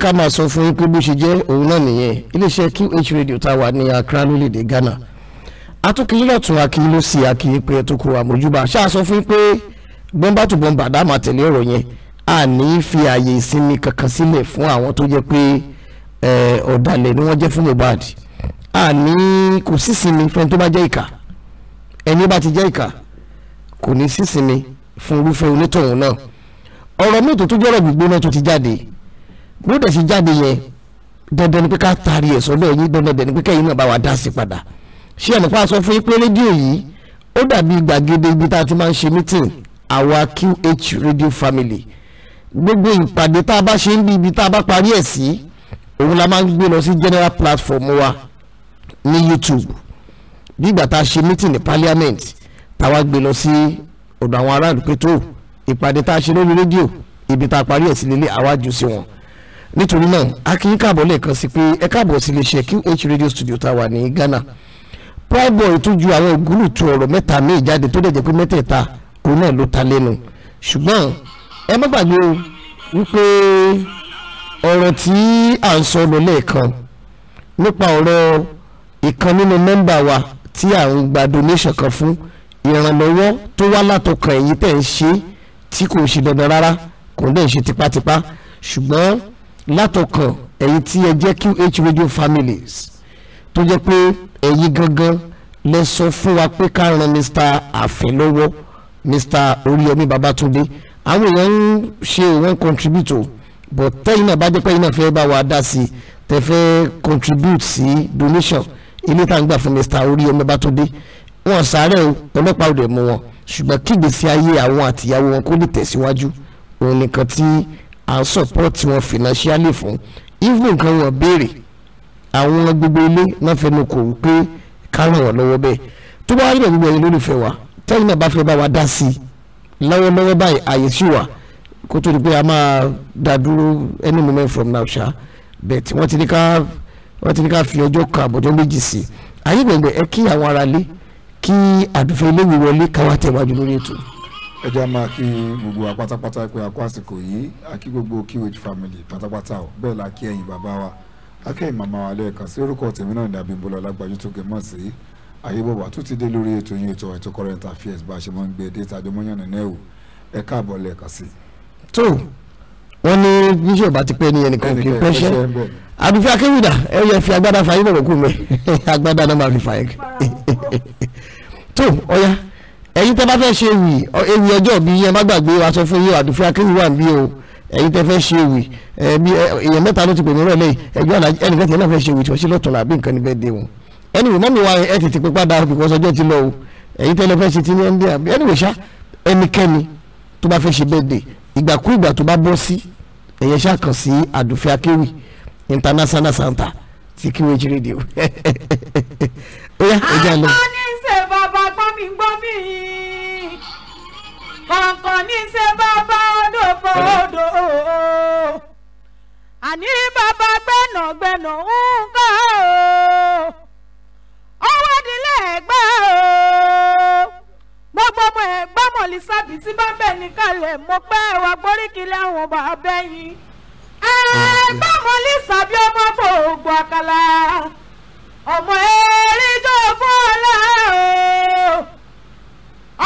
ká máa sọ fún yín pé bó ṣe jẹ́ òun náà nìyẹn iléeṣẹ́ QH radio tá a wà ní Accra lórílẹ̀‐èdè Ghana atukìyín lọ́tún akíyín ló sì akíyín pé ẹtún kó àmójúbà ṣáà sọ fún yín pé bọ́ńbà tó bọ́ńbà dá máa tẹ̀lé ọ̀rọ̀ yẹn a ní fi ààyè ìsinmi kankan sílẹ̀ fún àwọn tó jẹ́ pé ọ̀dàlẹ̀ ni wọ́n jẹ́ fún Mohbad a ní kò sí sinmi fún ẹni tó bá jẹ́ ìkà ẹni bá ti jẹ́ ìkà kò ní sí sinmi fún irúfẹ́ onítọ̀hún náà ọ̀rọ̀ mi tó tún gbígbóná tó ti jáde bó dẹ̀ sì jáde yẹ dandan ni pé ká taari ẹ̀ sọ́dọ̀ yín dandan dẹ̀ ni pé kẹ́yìn náà bá wa dá sí padà ṣé ẹnì pa sọ fún yín pé rédíò yìí ó dàbí gbàgede ibi tá a ti máa ń ṣe mítìn àwa QH radio family gbogbo ìpàdé tá a bá ṣe ń bí ibi tá a bá parí ẹ̀ sí òun la máa ń gbé lọ sí general platform wa ní YouTube bí ìgbà tá a ṣe mítìn ní parliament táwa gbé lọ sí ọ̀dọ̀ àwọn aráàlú pé tó ìpàdé tá a ṣe lórí rédíò ibi tá a parí ẹ̀ sí lélẹ̀ àwa sí wọn nítorí náà a kì í káàbọ̀ lẹ́ẹ̀kan sí pé ẹ káàbọ̀ sí iléeṣẹ́ QH radio studio tá a wà ní Ghana Primeboy tún ju àwọn ògúnlùtù ọ̀rọ̀ mẹ́ta míì jáde tó dẹ̀ jẹ́ pé mẹ́tẹ̀ẹ̀ta òun náà ló ta lẹ́nu ṣùgbọ́n ẹ má gbàgbé o wípé ọ̀rọ̀ tí à ń sọ lọ nípa ọ̀rọ̀ ìkan nínú mẹ́mbà wa tí à ń gba donation kan fún ìrànlọ́wọ́ tó wá látọkàn èyí tẹ̀ ń ṣe tí kò ṣe dandan rárá kò ń dẹ̀ ṣe tipátipá ṣùgbọ́n látọkàn ẹ̀yin tí ẹ jẹ́ QH radio families tó jẹ́ pé ẹ̀yin gangan lẹ sọ fún wa pé ká ran Mr. Àfin lọ́wọ́ Mr. Oríyọmí Babátúndé àwọn èèyàn ń ṣe wọ́n contribute o but tẹ́yìn náà bá jẹ́ pé ẹ̀yin náà fẹ́ bá wa dá sí i tẹ́ fẹ́ contribute sí donation ilé tá à ń gbà fún Mr. Oríyọmí Babátúndé wọn sáré o ọlọ́pàá ò dẹ̀ mú wọn ṣùgbọ́n kígbésí ayé àwọn àtìyàwó wọn kó lè tẹ̀síwájú òun nìkan tí à support wọn financially fún even kan wọn béèrè àwọn gbogbo ilé náà fẹnu kò wípé ká ràn wọ́n lọ́wọ́ bẹ́ẹ̀ tó bá wà níbẹ̀ gbogbo ẹ̀yin lólùfẹ́ wa tẹ́yìn náà bá fẹ́ bá wa dá sí i lọ́wọ́lọ́wọ́ báyìí àyè sí wa kó tó di pé a máa dá dúró any moment from now ṣá bẹ́ẹ̀ tí wọ́n ti ní ká wọ́n ti ní ká fi ọjọ́ kan àbọ̀jọ́ méjì sí i ayé gbẹ̀gbẹ̀ ẹ kí àwọn aráalé kí àdùfẹ́ ilé ìwọlé káwá tẹ̀wájú lórí ètò ẹ jẹ́ máa kí gbogbo wa pé àkó yìí àkí gbogbo QH family pátápátá o bẹ́ẹ̀ la kí bàbá wa akẹ́yìn màmá wa lẹ́ẹ̀kan sí orúkọ tèmi náà ní Abímbọ́lá Ọlágbájú tó gẹ̀ sí àyébọ̀wá tó ti dé lórí ètò yín ètò ètò current affairs bá a ṣe máa ń gbé ẹ káàbọ̀ lẹ́ẹ̀kan sí. tó wọn ní bá ti ní ẹnìkan akéwìdà ẹ̀yin tẹ́ bá fẹ́ ṣe ewì ewì ọjọ́ bí yẹn má gbàgbé wa sọ fún yín àdùfẹ́ akéwì wà bí o ẹ̀yin tẹ́ fẹ́ ṣe ewì ẹbí èèyàn mẹ́ta ló ti pè mí rẹ lẹ́yìn ẹjọ́ ẹnì kẹtì náà fẹ́ ṣe ewì tí wọ́n ṣe lọ́tọ̀ làbí nǹkan níbẹ̀ dé wọn anyway mọ́mí wa ẹ tètè pé padà because ọjọ́ ti lọ o ẹ̀yin tẹ́ lọ fẹ́ ṣe ti ní ẹnìyà anyway ṣá ẹnikẹ́ni tó bá fẹ́ ṣe birthday ìgbàkúùgbà tó bá bọ́ sí ẹ̀yẹ ṣá kàn sí àdùfẹ́ akéwì international center ti QH radio ó yá ẹja lọ. ọmọ ah, ní sè bàbá gbọ́ mi gbọ́ mi yìí ọ̀kan ní ṣe bàbá odòfòdò àní bàbá gbẹ̀nàgbẹ̀nà nǹkan o ọwọ́ ìdílé ẹ̀gbẹ́ o gbogbo ọmọ ẹ̀gbọ́n mọ̀lísàbí tí bá bẹ̀ níkàlẹ̀ mo pẹ́ wà gbóríkìlẹ̀ àwọn bàbá yín ẹ̀gbọ́n mọ̀lísàbí ọmọ fòògùn àkàlà ọmọ erin tó fọ́ ọ̀la o.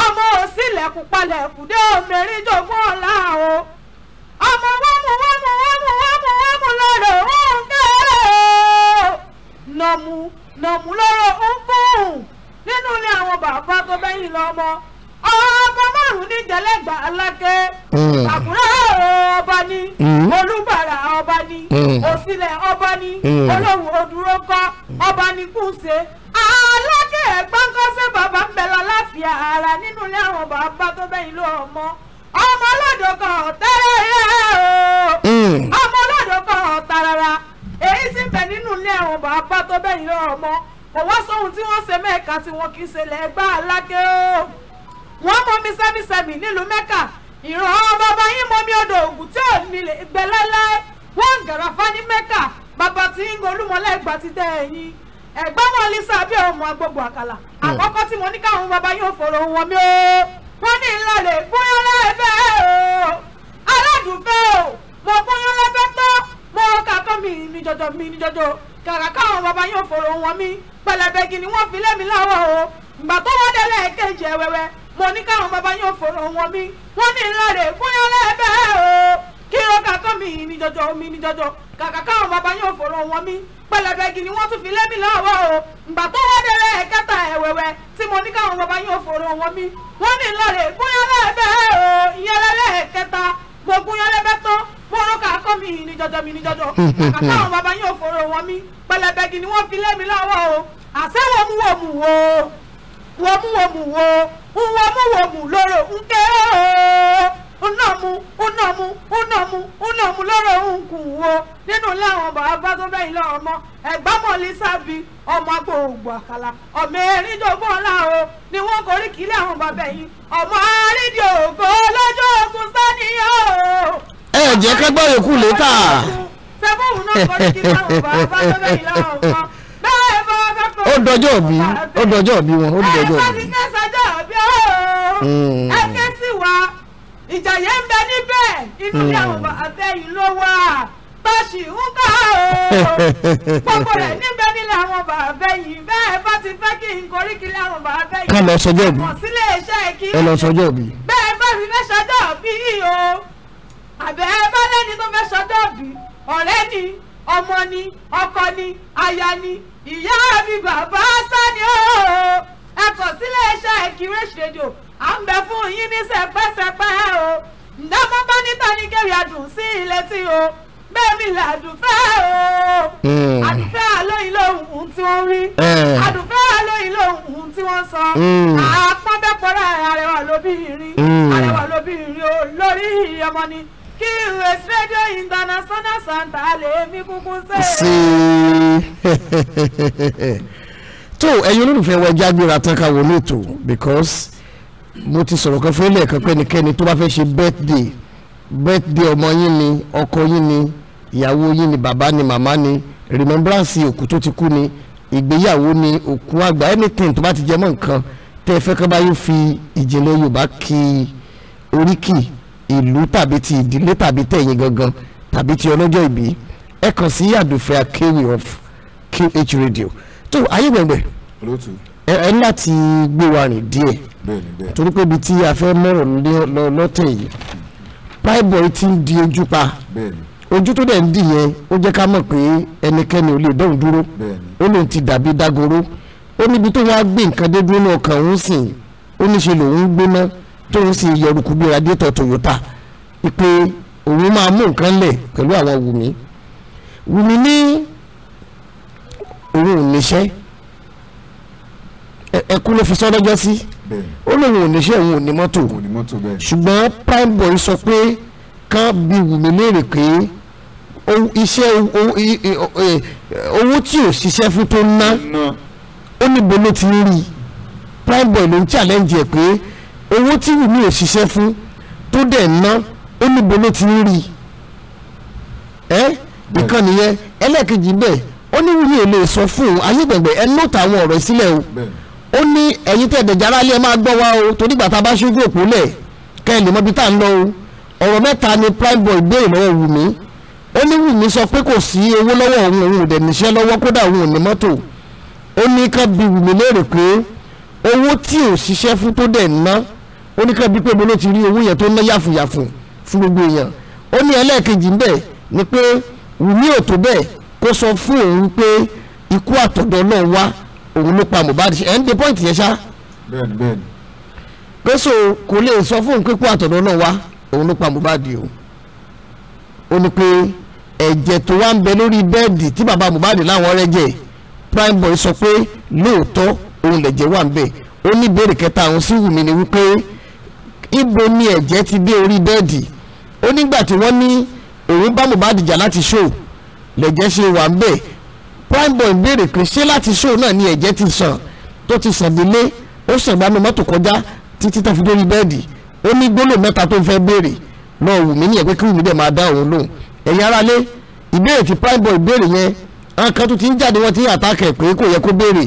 ọmọ òsínlẹ̀kùn palẹ̀kùn dé òmìnirin jogún ọ̀la o ọmọ wọ́mù wọ́mù wọ́mù wọ́mù lọ́rọ̀ òǹkẹ́ nọ̀mù nọ̀mù lọ́rọ̀ òǹkùn nínú ilé àwọn bàbá tó bẹ́yìn lọ́mọ ọmọ márùn ní hmm. ọba ni hmm. olúbàrà ọba ni hmm. ọba ni ọba ni ẹ̀ gbọ́ngọ́sẹ̀ bàbá ń bẹ lálàáfíà ara nínú ilé àwọn bàbá tó bẹ́yìn ló ọmọ hmm. ọmọ ọlọ́dọ̀ kan ọ̀tẹ́rẹ́ rẹ̀ o ọmọ ọlọ́dọ̀ kan ọ̀tàràrà èyí sì ń bẹ nínú ilé àwọn bàbá tó bẹ́yìn ló ọmọ kò wá sóhun tí wọ́n ṣe mẹ́ẹ̀ka tí wọ́n kì í ṣe lẹ́gbàá alágé o wọ́n mọ mi sẹ́mísẹ́mì nílùú mẹ́kà ìran bàbá yín mọ mi odò ògùn tí ò nílé gbẹlẹ́lẹ́ wọ́n gàràfá ní mẹ́kà bàbá tí ń golúmọlẹ́gbà ti tẹ ẹ̀yìn ẹ̀gbọ́n wọn lisa bí ọmọ gbogbo àkàlà hmm. àkọ́kọ́ tí mo ní káwọn bàbá yóò fọ̀rọ̀ wọn mi o wọ́n ní ìlọlẹ̀ bóyá lẹ́ẹ̀fẹ́ o aládùúfẹ́ o mo bóyá lẹ́fẹ́ tó mo kàkọ́ mi ní jọjọ mi ní jọjọ kàkà káwọn bàbá yóò fọ̀rọ̀ wọn mi pẹlẹbẹgì ni wọ́n fi lẹ́mi o ìgbà tó wọ́n délé kejì ẹ̀wẹ̀wẹ̀ mo ní káwọn bàbá yóò fọ̀rọ̀ wọn mi wọ́n ní o kí mi kàkà káwọn bàbá yóò fòrò wọn mí pẹlẹbẹgì ni wọn tún fi lẹ́mí lọ́wọ́ o ìgbà tó wá délé ẹ̀kẹta ẹ̀wẹ̀wẹ̀ tí mo ní káwọn bàbá yóò fòrò wọn mí wọn ní lọrẹ gúnyẹlẹ bẹ́ẹ̀ o ìyẹlẹlẹ ẹ̀kẹta mo gúnyẹlẹ bẹ tán mo rọ kàkọ mi ní jọjọ mi ní jọjọ kàkà káwọn bàbá yóò fòrò wọn mí pẹlẹbẹgì ni wọn fi lẹ́mí lọ́wọ́ o àṣẹ wọmú wọmú wo wọmú wọmú wo ń wọmú wọmú lóró ń o. unọmụ unọmụ unọmụ unọmụ lọ́rọ̀ nkù wo nínú láwọn bàbá tó bẹ́yìn lọ́rọ̀ mọ́ ẹ̀gbámọ̀lì sábì ọmọ agbóògbò àkàlà ọmọ erídògbò bàbá yìí ọmọ arídìògbò lọ́jọ́ ogun sánìyàn o. ẹ ká yòókù náà bàbá tó bá fẹ́ ó dọjọ́ bí ó dọjọ́ bí wọn ó dọjọ́ bí. ẹ ìjàyè ń bẹ níbẹ̀ inú ilé àwọn hmm. bàbá bẹ́yìn ló wà báṣì ń kà gbogbo rẹ̀ níbẹ̀ nílẹ̀ àwọn bàbá bẹ́yìn bẹ́ẹ̀ bá ti fẹ́ kí n korí kí àwọn bàbá bẹ́yìn ká lọ sọjọ́ bí ẹ lọ sọjọ́ bí bẹ́ẹ̀ bá fi fẹ́ sọjọ́ bí o àbẹ́ bá lẹ́ni tó fẹ́ sọjọ́ bí ọ̀rẹ́ ni ọmọ ni ọkọ ni aya ni ìyá mi bàbá sani o ẹ kọ sílé iṣẹ́ Ekirish rédíò à ń bẹ fún yín ní sẹpẹsẹpẹ o ǹdọ́mọ́ bá ní kẹ́rì àdùn sí ilé tí o bẹ́ẹ̀ni làdùfẹ́ o àdùfẹ́ hmm. àlóyìn lóhùn tí wọ́n rí àdùfẹ́ hmm. àlóyìn lóhùn tí wọ́n sọ hmm. àpọ́nbẹ́pọ́rọ́ àrẹwà lóbìnrin àrẹwà lóbìnrin olórí ọmọ ni kí us radio international santa lè mí kúkún sí. tó ẹ̀yin olólùfẹ́ wa jágbéra tán ká wọlé tó because mo ti sọ̀rọ̀ kan fún ilé ẹ̀kan pé ẹnikẹ́ni tó bá fẹ́ ṣe birthday birthday ọmọ yín ni ọkọ yín ni ìyàwó yín ni bàbá ni màmá ni remembrance òkú tó ti kú ni ìgbéyàwó ni òkú àgbà anything tó bá ti jẹ mọ́ nǹkan tẹ́ ẹ fẹ́ ká bá yóò fi ìjìnlẹ̀ Yorùbá kí oríkì ìlú tàbí ti ìdílé tàbí tẹ̀yìn gangan tàbí ti ọlọ́jọ́ ìbí ẹ sí àdùfẹ́ akéwì of QH radio tó ayé gbẹ̀ngbẹ̀. olóòtú ẹ láti gbé wa rìn díẹ̀ torí pé ibi tí a fẹ́ mọ̀rọ̀ lọ́tẹ̀ yìí Primeboy ti ń di ojú pa ojú tó dẹ̀ ń dì yẹn ó jẹ́ ká mọ̀ pé ẹnikẹ́ni ò lè dẹ́hùn dúró ó lè ti dàbí dágoro ó níbi tó wá gbé nǹkan dé dúró náà kàn ń sìn ó níṣe lòun gbóná tó ń sì yọrùkú bí radiator Toyota ìpè òun máa mú nǹkan lẹ̀ pẹ̀lú àwọn Wùmí Wùmí ní òun ò níṣẹ́ ẹkún ló fi sọ lọ́jọ́ sí ó lóun ò níṣẹ́ òun ò ní mọ́tò ṣùgbọ́n prime boy sọ pé kán bí Wùmí léèrè pé iṣẹ́ e, owó tí ò ṣiṣẹ́ fún tó ná ó níbo ló ti ń rí prime boy ló ń challenge ẹ̀ pé owó tí Wùmí ò ṣiṣẹ́ fún tó dẹ̀ ná ó níbo ló ti ń rí ẹ́ ìkànnì yẹn ẹlẹ́ẹ̀kejì bẹ́ẹ̀ ó ní Wùmí ò lè sọ fún un ayé gbẹ̀gbẹ̀ ẹ nóòtà àwọn ọ̀rọ̀ sílẹ̀ o. Bẹ́ẹ̀ ó ní ẹ̀yin tẹ̀ dẹ̀jà aráalé ẹ máa gbọ́ wa o torí gbàtà bá ṣojú òpó lẹ̀ kẹ́ ẹ lè mọbi tá à ń lọ o ọ̀rọ̀ mẹ́ta ni prime boy béèrè lọ́wọ́ Wùmí ó ní Wùmí sọ pé kò sí owó lọ́wọ́ òun òun ò dẹ̀ níṣẹ́ lọ́wọ́ kódà òun ò ní mọ́tò ó ní ká bi Wùmí léèrè pé owó tí ò ṣiṣẹ́ fún tó dẹ̀ ná ó ní ká bi pé mo ló ti rí owó yẹn tó ná yàfùyàfù fún gbogbo èèyàn ó ní ẹlẹ́ẹ̀kejì ń bẹ ni pé Wùmí ò tó bẹ́ẹ̀ kó sọ fún òun pé ikú àtọ̀dọ̀ náà wá òun ló pa Mohbad ẹ̀ ń de point yẹn ṣá. bẹ́ẹ̀ni bẹ́ẹ̀ni. gbèsò kò lè sọ fún pípọ̀ àtọ̀dọ̀ náà wá òun ló pa Mohbad o. ó ní pé ẹ̀jẹ̀ tó wá ń bẹ lórí bẹ́ẹ̀dì tí bàbá Mohbad láwọn rẹ̀ jẹ́ prime boy sọ pé lóòótọ́ òun lẹ̀jẹ̀ wà ń bẹ̀ ó ní ìbéèrè kẹta àwọn sí wùmí ni wípé ibo ni ẹ̀jẹ̀ ti dé orí bẹ́ẹ̀dì ó nígbà tí wọ́n ní òun bá Mohbad jà láti ṣó lẹ̀jẹ̀ ṣe wà ń bẹ̀ prime boy béèrè pé ṣé láti ṣó náà ni ẹ̀jẹ̀ ti sàn tó ti sàn délé ó sàn gbanú mọ́tò kọjá títí tó fi dórí bẹ́ẹ̀dì ó ní gbólóò mẹ́ta tó fẹ́ béèrè náà wù mí nìyẹn pé kí wùmí dẹ̀ máa dá òun lóhùn ẹ̀yin aráalé ìbéèrè tí prime boy béèrè yẹn àwọn kan tó ti ń jáde wọ́n ti ń àtàkẹ́ pé kò yẹ kó béèrè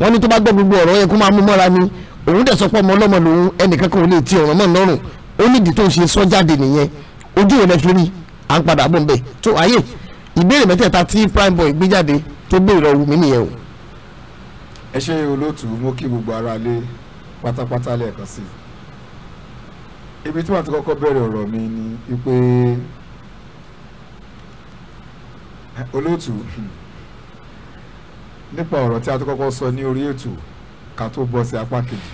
wọ́n ní tó bá gbọ́ gbogbo ọ̀rọ̀ yẹ kó máa mú mọ́ra ni òun dẹ̀ sọ pé ọmọ ọlọ́mọ lòun ẹnìkan kò lè ti ọ̀rọ̀ mọ́ lọ́rùn ó nídìí tó ń ṣe sọ jáde nìyẹn ojú rẹ̀ fi rí à ń padà bọ̀ ń bẹ̀ tó ayé ìbéèrè mẹ́tẹ̀ẹ̀ta tí prime boy gbé jáde tó béèrè lọ Wùmí nìyẹn o. ẹ ṣe olóòtú mo kí gbogbo ara lé pátápátá lẹ́ẹ̀kan sí i ibi tí màá ti kọ́kọ́ bẹ̀rẹ̀ ọ̀rọ̀ mi ni wípé olóòtú nípa ọ̀rọ̀ tí a ti kọ́kọ́ sọ ní orí ètò ká tó bọ́ sí apá kejì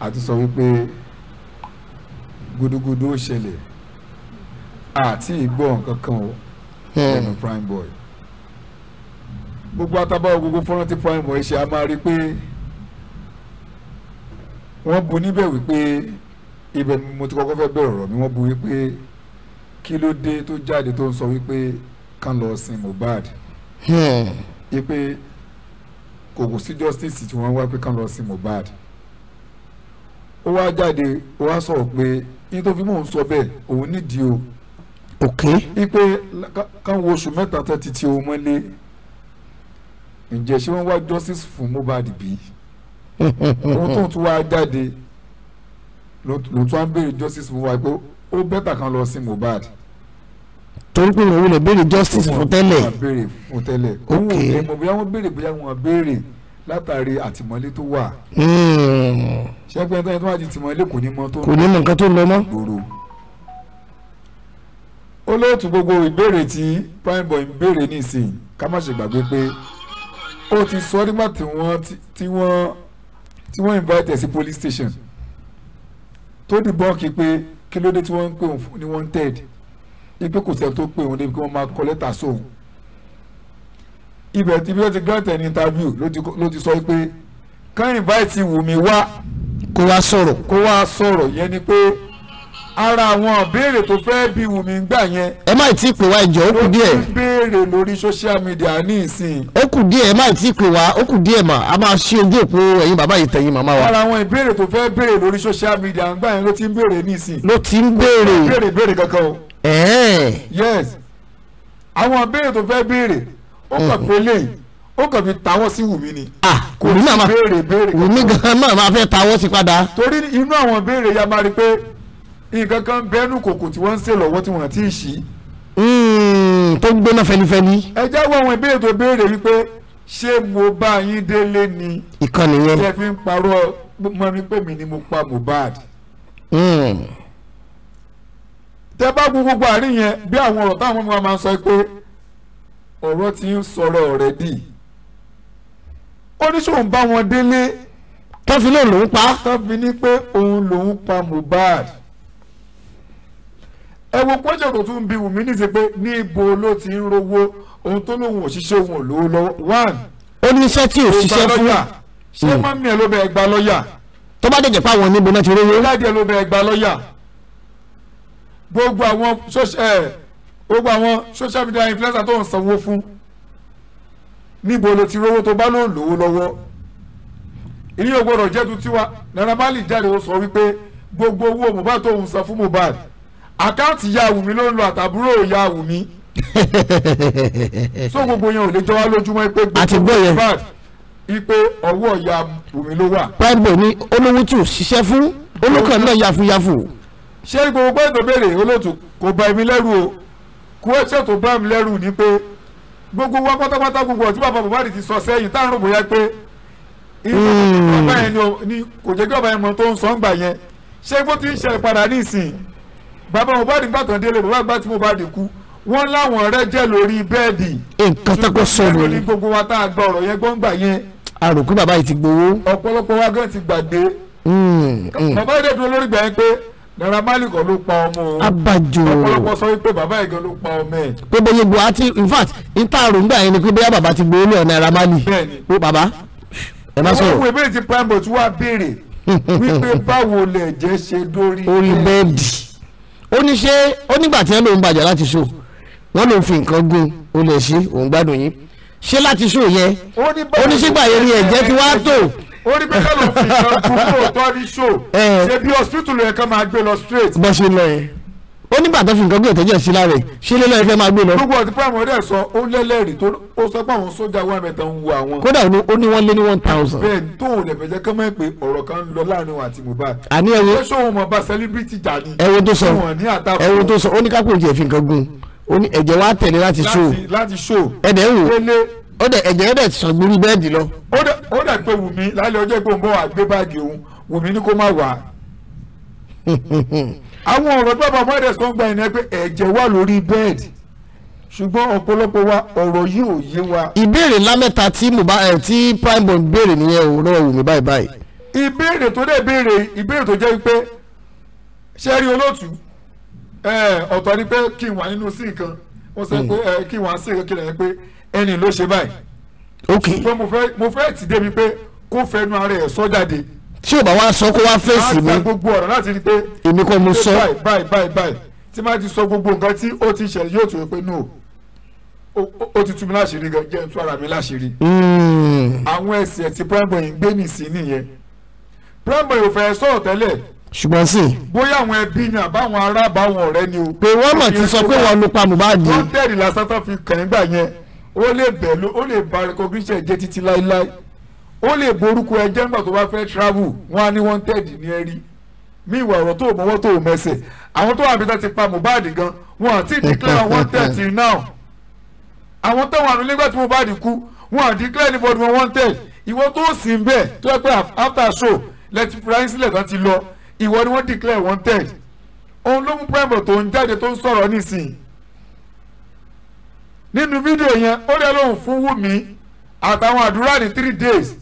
a ti sọ wípé gudugudu ó ṣẹlẹ̀ àti ìgbọ́ nǹkan kan o hmm. lẹ́nu Primeboy. Yeah gbogbo atabawo gbogbo fọ́nrán tí prime boy a máa rí i pé wọ́n bu níbẹ̀ wípé ibẹ̀ mo ti kọ́kọ́ fẹ́ bẹ̀rẹ̀ ọ̀rọ̀ mi wọ́n bu wípé kí ló dé tó jáde tó ń sọ wípé kán lọ sin Mohbad hmm. wípé kò kò sí justice tí wọ́n wá pé kán lọ sin Mohbad ó wá jáde ó wá sọ̀rọ̀ pé ní tó fi mò ń sọ bẹ́ẹ̀ òun nídìí o. ok. wípé káwọn oṣù mẹ́ta tẹ́ ti ti òun mọ́lé ǹjẹ́ ṣé wọ́n wá justice fún Mohbad bí ohun tó ń tún wá jáde ló tún wá ń béèrè justice fún wa pé ó bẹ́tà kan lọ sí Mohbad. torí pé òun lè béèrè justice fún tẹ́lẹ̀ òun béèrè fún tẹ́lẹ̀ òun ò lè mọ̀ bóyá wọ́n béèrè bóyá wọ́n béèrè látàrí àtìmọ́lé tó wà. Hmm. ṣẹ́gbẹ́ tó yẹ tó wà di tìmọ́lé kò ní mọ̀ tó kò ní mọ̀ nǹkan tó lọ mọ́. gbòòrò olóòtú gbogbo ìbéèrè tí Primeboy ń béèrè nísìnyí ká má ṣe gbàgbé pé ó ti sọ nígbà tí wọ́n tí wọ́n tí wọ́n invite ẹ̀ sí police station tó di bọ́ọ̀kì pé kí ló dé tí wọ́n ń pè òun ní wanted ipe kò sẹ́ni tó pè òun débi kí wọ́n máa kọ lẹ́tà sóun ibẹ̀ tí bí wọ́n ti grant ẹni interview ló ti sọ pé ká invite Wùmí wá kó wá sọ̀rọ̀ kó wá sọ̀rọ̀ yẹn ni pé ara àwọn ìbéèrè tó fẹ́ bí Wùmí gbà yẹn. ẹ má tí pè wá ìjọ ó kù díẹ̀. ló ti béèrè lórí social media ní ìsìn. ó kù díẹ̀ ẹ má tí ì pè wá ó kù díẹ̀ mà á máa ṣe ojú òpó ẹ̀yin bàbá yìí tẹ̀yìn màmá wa. ara àwọn ìbéèrè tó fẹ́ béèrè lórí social media gbà yẹn ló ti ń béèrè ní ìsìn. ló ti ń béèrè. ó béèrè béèrè kankan o. yes àwọn ìbéèrè tó fẹ́ béèrè ó kàn pé léyìí ó kàn fi tawọ́ sí Wùmí ni. kò ní máa Wùmí gan-an máa fẹ́ tawọ́ sí padà. torí inú àwọn béèrè ya máa rí pé nǹkan kan bẹ́ẹ̀nù kòkò tí wọ́n ń sè lọ́wọ́ tí wọ́n ti ń ṣí. Hmm, tó ń gbóná fẹnifẹni. ẹ jáwọ́ àwọn ìbéèrè tó béèrè wípé ṣé mo bá yín délé ni. ìkànnì yẹn. ṣé fi ń parọ́ mọ́ mi pé mi ni mo pa Mohbad. Hmm. tẹ bá gbogbo gbogbo àárín yẹn bí àwọn ọ̀rọ̀ táwọn ọmọ wa máa ń sọ pé ọ̀rọ̀ ti ń sọ̀rọ̀ rẹ̀ dì. oníṣòwò ń bá wọn délé. tó fi lóun lòún pa. tó fi ní pé òun lòún pa Mohbad ẹ wo pọ́jọ́ tó tún bí Wùmí níṣe pé ní ibo ló ti ń rówó ohun tó lóun òṣìṣẹ́ òun ò lọ́wọ́ one. ó ní iṣẹ́ tí òṣìṣẹ́ fún wa. ṣé hmm. mọ́mí ẹ ló bẹ ẹgbàá lọ́ọ̀yà. tó bá dẹ̀jẹ̀ páwọn níbo náà ti rówó. ládìẹ ló bẹ ẹgbàá lọ́ọ̀yà. gbogbo àwọn gbogbo àwọn social media influencer tó ń sanwó fún níbo ló ti rówó tó bá lóun lówó lọ́wọ́. ilé ògbọ́dọ̀ jẹ́ tu tiwa Naira Marley jáde ó sọ wípé gbogbo owó Mohbad tó ń san fún Mohbad àkáǹtì ìyá Wùmí ló ń lo àtàbúrò ìyá Wùmí so gbogbo yẹn ò lè jọ wá lójúmọ́ pé gbogbo yẹn ipe ọwọ́ ìyá Wùmí ló wà. pẹ́ẹ́bù ni olówó tí ò ṣiṣẹ́ fún olókàn náà yafuyafu. ṣé gbogbo ètò béèrè olóòtú kò bá mi lẹ́rù o kú ẹ̀ṣẹ̀ tó bá mi lẹ́rù ni pé gbogbo wa pátápátá gbogbo ọ̀tí bàbá Mohbad ti sọ sẹ́yìn tá à ń rò bóyá pé ìgbà ọba yẹn ni kò jẹ́ kí ọba yẹn mọ tó ń sọ ń gbà yẹn ṣé bó ti ń ṣe ìpadà ní ìsìn bàbá Mohbad gbà tán délé bàbá gbà tí Mohbad kú wọ́n láwọn rẹ jẹ́ lórí bẹ́ẹ̀dì. nǹkan tó kọ sọnù ni. gbogbo wa tá a gbọ́ ọ̀rọ̀ yẹn gbọ́ngbà yẹn. àròkú bàbá yìí ti gbowó. ọ̀pọ̀lọpọ̀ wa gan ti gbàgbé. Hmm, hmm. bàbá yìí dẹ́tun olórí gbà yẹn pé Naira Marley kan ló pa ọmọ. abajọ ọ̀pọ̀lọpọ̀ sọ wípé bàbá yìí gan ló pa ọmọ ẹ̀. pé bẹ́ẹ̀ yẹn bu àti in fact níta àròǹgbà yẹn ni pé bẹ́ẹ̀ bàbá ti gbowó lọ́ọ̀ Naira Marley. bẹ́ẹ̀ni ó bàbá ẹ má sọ̀rọ̀. àwọn ìwé ó ní ṣé ó nígbà tí wọ́n lòún bàjẹ́ láti ṣó wọ́n lòún fi nǹkan gun ó lè ṣe òun gbádùn yín ṣé láti ṣó yẹ ó ní ṣígbà yẹn ni ẹ̀jẹ̀ ti wá tó ó rí bẹ́ẹ̀ lọ fi ìtọ́jú fún òótọ́ ní ṣó ṣe bí hospital yẹn kan máa gbé lọ straight. bó lọ yẹn ó nígbà tó fi nǹkan ìtẹ́jọ́ sí lára ẹ̀ ṣé lélẹ́ máa gbé lọ. gbogbo ọtí prime ọdẹ sọ ó lẹ́lẹ́rìí tó ó sọ pé àwọn sójà wà mẹ́ta ń wo àwọn. kódà ó ní wọ́n lé ní one thousand. bẹ́ẹ̀ tó o lè fẹ́ kọ́ mọ́ pé ọ̀rọ̀ kan ń lọ láàrin òun àti Mohbad. àní ẹwo ẹ ṣé òun mọ̀ bá celebrity jà ni. ẹwo tó sọ ẹwo tó sọ ó ní kápò ìjẹ́ fi nǹkan gun ó ní ẹ̀jẹ̀ wa tẹ̀lé láti show láti Wùmí lálẹ́ kó má wà àwọn ọ̀rọ̀ tí bàbá mọ́ẹ̀dẹ̀ sọ ń gba ìyẹn pé ẹ̀jẹ̀ wà lórí bẹ́ẹ̀dì ṣùgbọ́n ọ̀pọ̀lọpọ̀ wa ọ̀rọ̀ yìí ò yé wa. ìbéèrè lámẹ́ta tí Primeboy béèrè nìyẹn ò náà wù mí báyìí báyìí. ìbéèrè tó dẹ̀ béèrè ìbéèrè tó jẹ́ pé ṣe rí olóòtú ọ̀tọ̀ ni pé kí n wà nínú sí nǹkan wọ́n sọ hmm. pé kí n wà sí nǹkan kí n lè pé ẹni ló ṣe báyìí. ṣùgbọ́n mo fẹ́ ti débi pé kó fẹnu ara ẹ̀ sọ ṣé ìbá wa sọ kó wá fèsì mi. a gba gbogbo ọ̀rọ̀ láti rí i pé. èmi kò mú sọ. tí máa ti sọ gbogbo nǹkan tí ó ti ṣẹlẹ̀ yóò tó yẹ pé no ó ti tú mi láṣìírí gan jẹ́ tú ara mi láṣìírí. Hmm. àwọn ẹ̀sìn ẹ̀tí Primeboy ń gbé nìsí nìyẹn Primeboy ò fẹ́ sọ̀rọ̀ tẹ́lẹ̀. ṣùgbọ́n sí. bóyá àwọn ẹbí ni àbáwọn ará àbáwọn ọ̀rẹ́ ni o. pé wọ́n mọ̀ ti sọ pé wọ́n ló pa Mohbad. wọ́n tẹ̀lé lásán tó fi kàn ń gbà yẹn ó lè bẹ̀ ó lè ba recognition jẹ́ títí láéláé ó lè borúkú ẹjẹ́ ńgbà tó bá fẹ́ travel wọ́n á ní wanted ní ẹ rí mi ìwà ọ̀rọ̀ tó mọ́wọ́ tó mẹ́sẹ̀ àwọn tó wà níbi tó ti pa Mohbad gan wọn àti declare wanted till now àwọn táwọn àrùn nígbà tí Mohbad kú wọn à declare anybody wọn wanted ìwọ tó sì ń bẹ̀ tó yẹ pé after show lẹ́tí fúráyín sílẹ̀ tán ti lọ ìwọ ni wọ́n declare wanted òun ló mú Primeboy tó ń jáde tó ń sọ̀rọ̀ nísìnyí nínú fídíò yẹn ó dẹ́ lóhùn fún Wùmí àtàwọn àdúrà ní three days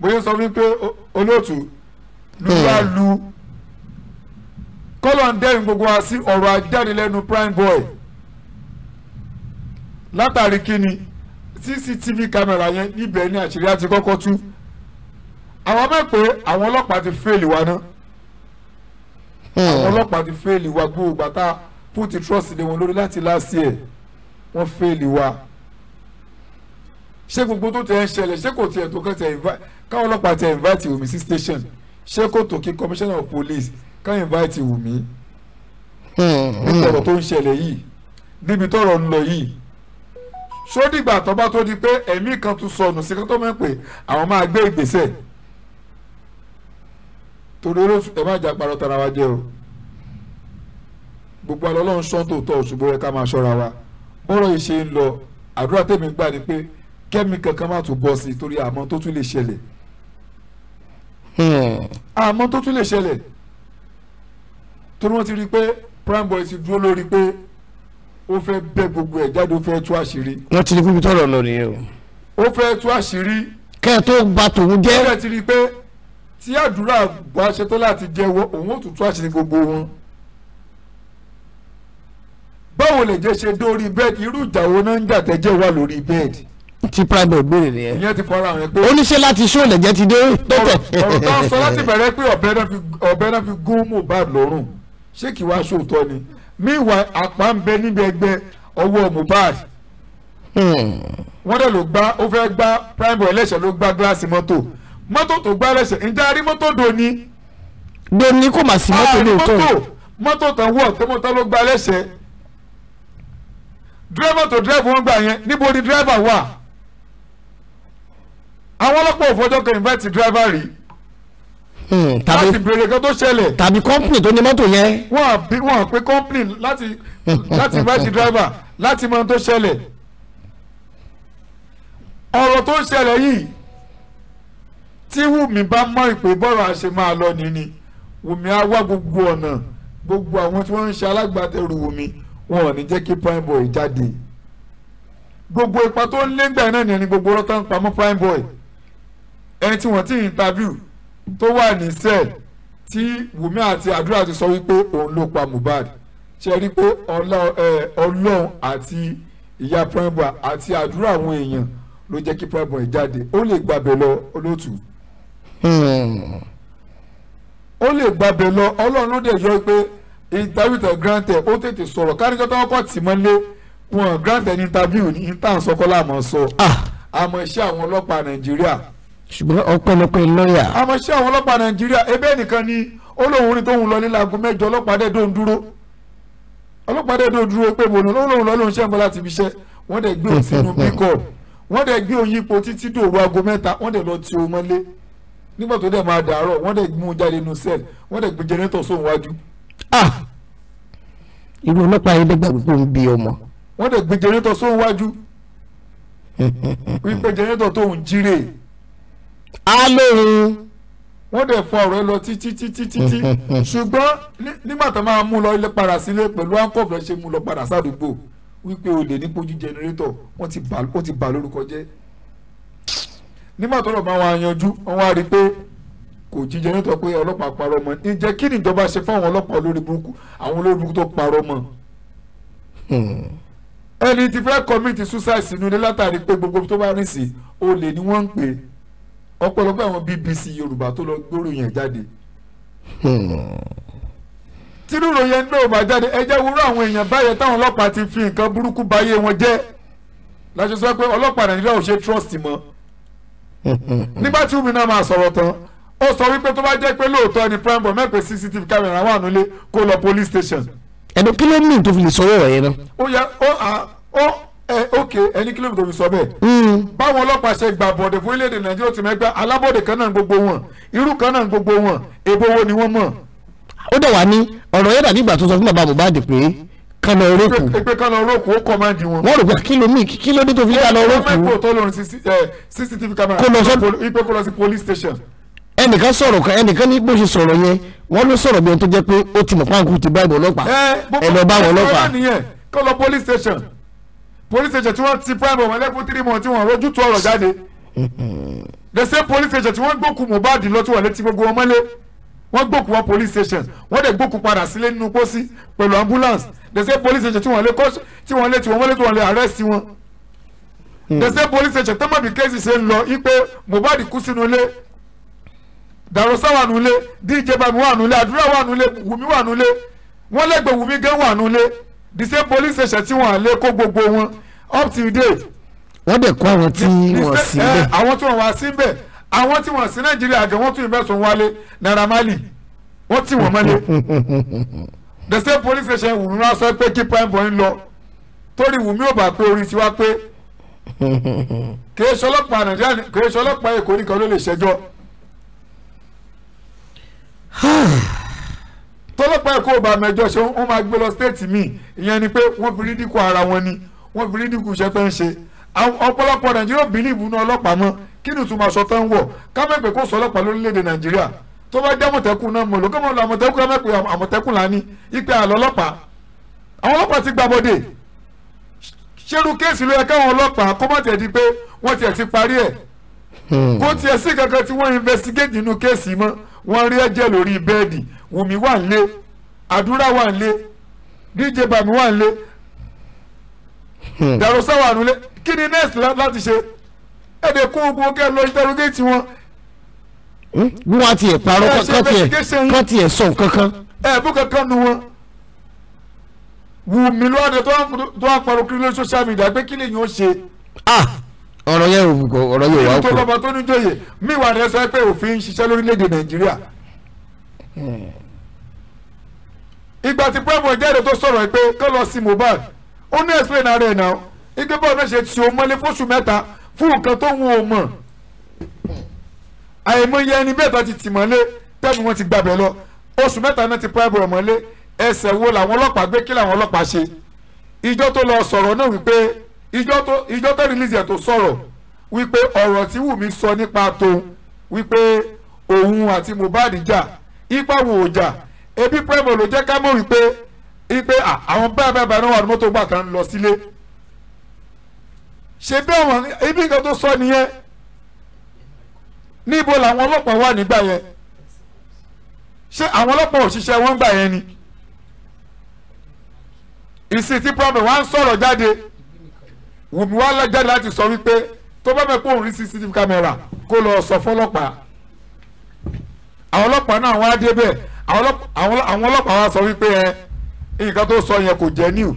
bóyá sọ wípé olóòtú ló bá hmm. lu kọ́lọ̀ ń dẹ́rìn gbogbo wa sí ọ̀rọ̀ ajáde prime boy látàrí kíni cctv camera yẹn níbẹ̀ ní àṣírí àti kọ́kọ́ tú àwọn mẹ́pẹ́ àwọn ọlọ́pàá ti fẹ́ẹ̀lì wa náà hmm. àwọn ọlọ́pàá ti fẹ́ẹ̀lì wa gbogbo àtà put trust lé wọn lórí láti last year wọ́n fẹ́ẹ̀lì wa ṣé gbogbo tó tẹ̀ ń ṣẹlẹ̀ ṣé kò tiẹ̀ tó kàn invite káwọn ọlọ́pàá tẹ̀ invite Wùmí sí station ṣé kò tó kí commissioner of police káwọn invite Wùmí. nípa hmm, hmm. ọ̀rọ̀ tó ń ṣẹlẹ̀ yìí níbi tọ́rọ̀ ń lọ yìí ṣó dìgbà tó bá tó di pé ẹ̀mí kan tún sọnù sí kótó mọ̀ pé àwọn máa gbé ìgbésẹ̀ torí olóṣù ẹ̀ má jà parọ́ tara wa jẹ́ o gbogbo àlọ́ ọlọ́run ṣán tòótọ́ ṣùgbọ́n ẹ ká máa ṣọ́ra wa bọ́rọ̀ yìí ṣe ń lọ àdúrà tèmi gbà ni pé kẹ́mi kankan má tún bọ́ sí i torí àmọ́ tó tún lè ṣẹlẹ̀ hmm. àmọ́ tó tún lè ṣẹlẹ̀ torí wọ́n ti rí i pé PrimeBoy ti dúró lórí pé ó fẹ́ bẹ́ gbogbo ẹ̀ jáde ó fẹ́ tú àṣírí. wọ́n ti rí fúnbi tọ̀rọ̀ lọ nìyẹn o. ó fẹ́ tú àṣírí. kẹ́ ẹ tó gba tòun jẹ́. ó ti rí i pé tí àdúrà bá ṣe tó láti jẹ́wọ́ òun ó tún tú àṣírí gbogbo wọn. báwo lè jẹ́ ṣe dórí bẹ́ẹ̀dì irú ìjà wo náà ń jà tẹ́jẹ́ wà lórí bẹ́ẹ̀dì ti private béèrè nìyẹn. ìyẹn ti fọra rẹ pé. oníṣẹ́ láti ṣó lẹ̀jẹ̀ ti dé. ọ̀rọ̀ tó ń sọ láti bẹ̀rẹ̀ pé ọ̀bẹ náà fi gún Mohbad lọ́rùn ṣé kí wàá sóòótọ́ ni meanwhile àpá ń bẹ níbi ẹgbẹ́ ọwọ́ Mohbad. Hmm. wọ́n dẹ̀ ló gbá ó fẹ́ gbá private ẹlẹ́ṣẹ̀ ló gbá gíláàsì mọ́tò mọ́tò tó gbá ẹlẹ́ṣẹ̀ ǹjẹ́ a rí mọ́tò dòní. dòní kò mà sí mọ́tò lóòótọ́ mọ́tò tán wọ̀ tó mọ́tò ló gbá ẹlẹ́ṣẹ̀ dírẹ́fà tó dírẹ́fà wọn gbà yẹn níbo ni dírẹ́fà wà àwọn ọlọ́pàá òfojọ́ kan invite driver rí hmm, tàbí láti béèrè kan tó ṣẹlẹ̀ tàbí company tó ní mọ́tò yẹn. wọ́n bí wọ́n pé company láti láti invite driver láti mọ ohun tó ṣẹlẹ̀ ọ̀rọ̀ tó ṣẹlẹ̀ yìí tí Wùmí bá mọ ìpè bọ́rọ̀ àṣẹ máa lọ nìní Wùmí á wá gbogbo ọ̀nà gbogbo àwọn tí wọ́n ń ṣe alágbàtẹrù Wùmí wọn ò ní jẹ́ kí Prime Boy jáde gbogbo ipa tó ń lé gbà náà ni gbogbo ọ̀rọ̀ pamọ́ Prime Boy ẹni tí wọ́n ti interview tó wà ní cell tí Wùmí àti àdúrà ti sọ wípé òun ló pa Mohbad ṣe rí pé ọlọ́run àti ìyá Prime Boy àti àdúrà àwọn èèyàn ló jẹ́ kí Prime Boy jáde ó lè gbàbẹ̀ lọ olóòtú. Hmm. ó lè gbàbẹ̀ lọ ọlọ́run ló dẹ̀ yọ pé interview tẹ̀ granted ó tètè sọ̀rọ̀ káríkọ́ tó kọ́ tì mọ́lé wọn granted ní interview ní intan sọkọ́lá àmọ́ sọ ah. àmọ́ iṣẹ́ àwọn ọlọ́pàá Nàìjíríà ṣùgbọ́n ọpẹ́lọpẹ́ lọ́ọ̀yà. àmọ́ṣẹ́ àwọn ọlọ́pàá nàìjíríà ebe nìkan ni ó lóun rìn tóun lọ nílẹ̀ aago mẹ́jọ ọlọ́pàá dẹ̀ dóun dúró ọlọ́pàá dẹ̀ dóun dúró pé bòun lóun lọ lóun ṣẹ́gun láti fi ṣẹ́ wọ́n dẹ̀ gbé òun sínú bíkọ́ wọ́n dẹ̀ gbé òun yípo títí dòru aago mẹ́ta wọ́n dẹ̀ lọ ti òun mọ́lé nígbà tó dẹ̀ máa dàárọ̀ wọ́n dẹ̀ mú un jáde nù sẹ́ẹ̀lì wọ́n dẹ̀ gbé jẹnẹtọ̀ sóun wájú. Ah! irú ọlọ́pàá yìí dẹ́gbàgbé pé òun bí ọmọ. wọ́n dẹ̀ gbé jẹnẹtọ̀ sóun wájú wípé jẹnẹtọ̀ tóun jíire á lóhun. wọ́n dẹ̀ fọ ọ̀rọ̀ ẹ lọ títí títí títí ṣùgbọ́n nígbà tó máa mú lọ ilé padà sílé pẹ̀lú àǹkọ̀ọ̀bù lọ ṣe mú lọ padà sádùúgbò wípé olè ní pójú jẹnẹrétọ̀ wọ́n ti bà lórúkọ jẹ́ nígbà tó lọ máa wá yanjú wọ́n wá rí i pé kò jíjẹ nítorí pé ọlọ́pàá parọ́ mọ́ ǹjẹ́ kí ni ìjọba ṣe fáwọn ọlọ́pàá olórí burúkú àwọn olórí burúkú tó parọ́ mọ́. Hmm. ẹni tí fẹ́ kọ́mìtì suicide sínú ilé látàrí pé gbogbo tó bá rìn sí olè ni wọ́n ń pè é ọ̀pọ̀lọpọ̀ àwọn BBC Yorùbá tó lọ gbóró yẹn jáde hmm. tírúrò yẹn náà bá jáde ẹ jẹ́ wúrọ̀ àwọn èèyàn báyẹn táwọn ọlọ́pàá ti fi nǹkan burúkú báyé wọn jẹ́ láti sọ pé ọlọ́pàá Nàìjíríà ò ṣe trust mọ́ hmm. nígbà tí omi náà máa sọ̀rọ̀ tán ó sọ wípé tó bá jẹ́ pé lóòótọ́ ni prime boy mẹ́pẹ́ CCTV camera wà nílé kó lọ police station. ẹ̀dùn kí ló ń mìíràn tó fi lè sọ ọ̀rọ̀ yẹn náà. ó yẹ ó ó ẹ ok ẹni kí ló tó fi sọ bẹ́ẹ̀. Hmm. báwọn ọlọ́pàá ṣe gba bọ̀dẹ̀ fún orílẹ̀-èdè nàìjíríà ti mẹ́gbà alábọ̀dẹ̀ kan náà gbogbo wọn irú kan náà gbogbo wọn èbó wo ni wọ́n mọ̀. ó dẹ̀ wá ní ọ̀rọ̀ yẹ́dà nígbà tó sọ fún bàbá Mohbad pé kánà orókù. pé kánà orókù ó kọ́mándì wọn. wọ́n rò pé kí ló mí kí ló dé tó fi kánà orókù. ó mẹ́kò tó lórí CCTV camera ipe kó lọ sí police station ẹnìkan sọ̀rọ̀ kan ẹnìkan ní bó ṣe sọ̀rọ̀ yẹn wọ́n ló sọ̀rọ̀ bí ẹni tó jẹ́ pé ó ti mọ̀ páńkù ti bá ìbọn ọlọ́pàá ẹ̀ lọ bá wọn ọlọ́pàá. ẹ bó ṣe sọ̀rọ̀ nìyẹn kó lọ police station police station tí wọ́n ti prime ọmọ ẹlẹ́kùn three months tí wọ́n rojú tó ọ̀rọ̀ jáde the same police agent tí wọ́n gbókù Mohbad lọ tí wọ́n létí gbogbo wọn mọ́lé wọ́n gbókù wọn police station wọ́n dẹ̀ gbókù padà sílé nínú pósí pẹ̀lú ambulance the same police station tí wọ́n lé kọ́ṣ tí wọ́n lé tí wọ́n mọ́lé tí wọ́n lé arrest wọn hmm. the same police station tọ́mọ̀ bí kéèsì ṣe ń lọ ipe Mohbad kú sínú ilé Darosa wà nulẹ̀ DJ Bami wà nulẹ̀ àdúrà wà nulẹ̀ Wùmí wà nulẹ̀ wọ́n lẹ́gbẹ̀ẹ́ Wùmí gan wà nulẹ̀ the same police station tí wọ́n lé kó gbogbo wọn up till date. wọ́n dẹ̀ kó àwọn tí wọ́n sí bẹ́ẹ̀. Eh, àwọn tí wọ́n wá sí bẹ́ẹ̀ àwọn tí wọ́n sí nàìjíríà gan wọ́n tún ìbẹ̀sùn wálé Naira Marley wọ́n tì wọ́n mọ́lé the same police station Wùmí wá sọ pé kí prime boy ń lọ torí Wùmí ò bá pé orin tí wá pé kìí ṣọlọ́pàá nàìjíríà kìí ṣọlọ́pàá èkó tọ́lọ́pàá ẹ̀kọ́ ọba mẹ́jọ ṣe wọ́n máa gbé lọ stéètì míì ìyẹn ni pé wọ́n fi rídìkù ara wọn ni wọ́n fi rídìkù iṣẹ́ tó ń ṣe ọ̀pọ̀lọpọ̀ nàìjíríà bìlí ìbùnú ọlọ́pàá mọ́ kí ni ìtumọ̀ aṣọ tó ń wọ̀ kámẹ́pẹ̀ kó sọ ọlọ́pàá lórílẹ̀‐èdè nàìjíríà tó bá jẹ́ àmọ̀tẹ́kùn náà mọ̀ ló mọ̀ lọ àmọ̀tẹ́kùn ipe àlọ́ ọlọ́pàá àwọn ọlọ́pàá ti gbàbọ̀dé ṣerú kéèsì ló yẹ káwọn ọlọ́pàá kó má tiẹ̀ di pé wọ́n hmm. investigate nínú kéèsì mọ́ wọ́n rí ẹ̀jẹ̀ wùmí wà nílé àdúrà wà nílé dj bami wà nílé hmm. dàrúsá wà nílé kí ni next láti ṣe ẹ̀ẹ́dẹ̀ kó ogun kẹ́ lọ interrogate wọn. Hmm? bí wọ́n ti ẹ̀ parọ́ kọ́ tiẹ̀ sọ nǹkan kan. ẹ̀ẹ́dẹ̀ kankan nu wọn wùmí lọ́dẹ tó wà parọ́ kiri lórí social media pé kí lèyìn ó ṣe. Ah! ọ̀rọ̀ yẹn ò kò ọ̀rọ̀ yẹn ò wá kò. ìlú tó lọ́mọ tó níjòyè mi wà ní ẹsẹ̀ pé òfin ń ṣiṣẹ́ lórílẹ̀‐èdè nàìjíríà. Hmm ìgbà tí Primeboy jáde tó sọ̀rọ̀ pé kán lọ sí Mohbad ó ní explain ara ẹ̀ náà ike bọ́ọ̀ náà ṣe tì ó mọ́lé fóṣù mẹ́ta fún nǹkan tó ń wò mọ̀ àìmọye ẹni bẹ́ẹ̀ tó ti tì mọ́lé tẹ́bi wọn ti gbàbẹ̀ lọ oṣù mẹ́ta náà ti Primeboy mọ́lé ẹsẹ̀ wo làwọn ọlọ́pàá gbé kí làwọn ọlọ́pàá ṣe ìjọ tó lọ sọ̀rọ̀ náà wípé ìjọ tó release ẹ̀ tó sọ̀rọ̀ wípé ọ̀rọ̀ tí Wùmí sọ nípa tó wípé òun àti Mohbad jà ipa wo ò jà ebi primo ló jẹ́ ká mọ̀ wípé wípé àwọn báyà báyà báyà náà wà ní mọ́tò gbà kan lọ sílé ṣe bí àwọn ibi nǹkan tó sọ nìyẹn níbo làwọn ọlọ́pàá wà nígbà yẹn ṣé àwọn ọlọ́pàá òṣìṣẹ́ wọn gbà yẹn ni ìsìn tí primo wá ń sọ̀rọ̀ jáde wùmí wá lájáde láti sọ wípé tó bá mẹ́pọ̀ òun rí cctv camera kó lọ sọ fọlọ́pàá àwọn ọlọ́pàá náà wọ́n á débẹ̀ àwọn ọlọ́pàá wa sọ wípé ẹ nǹkan tó sọ yẹn kò jẹ́ níw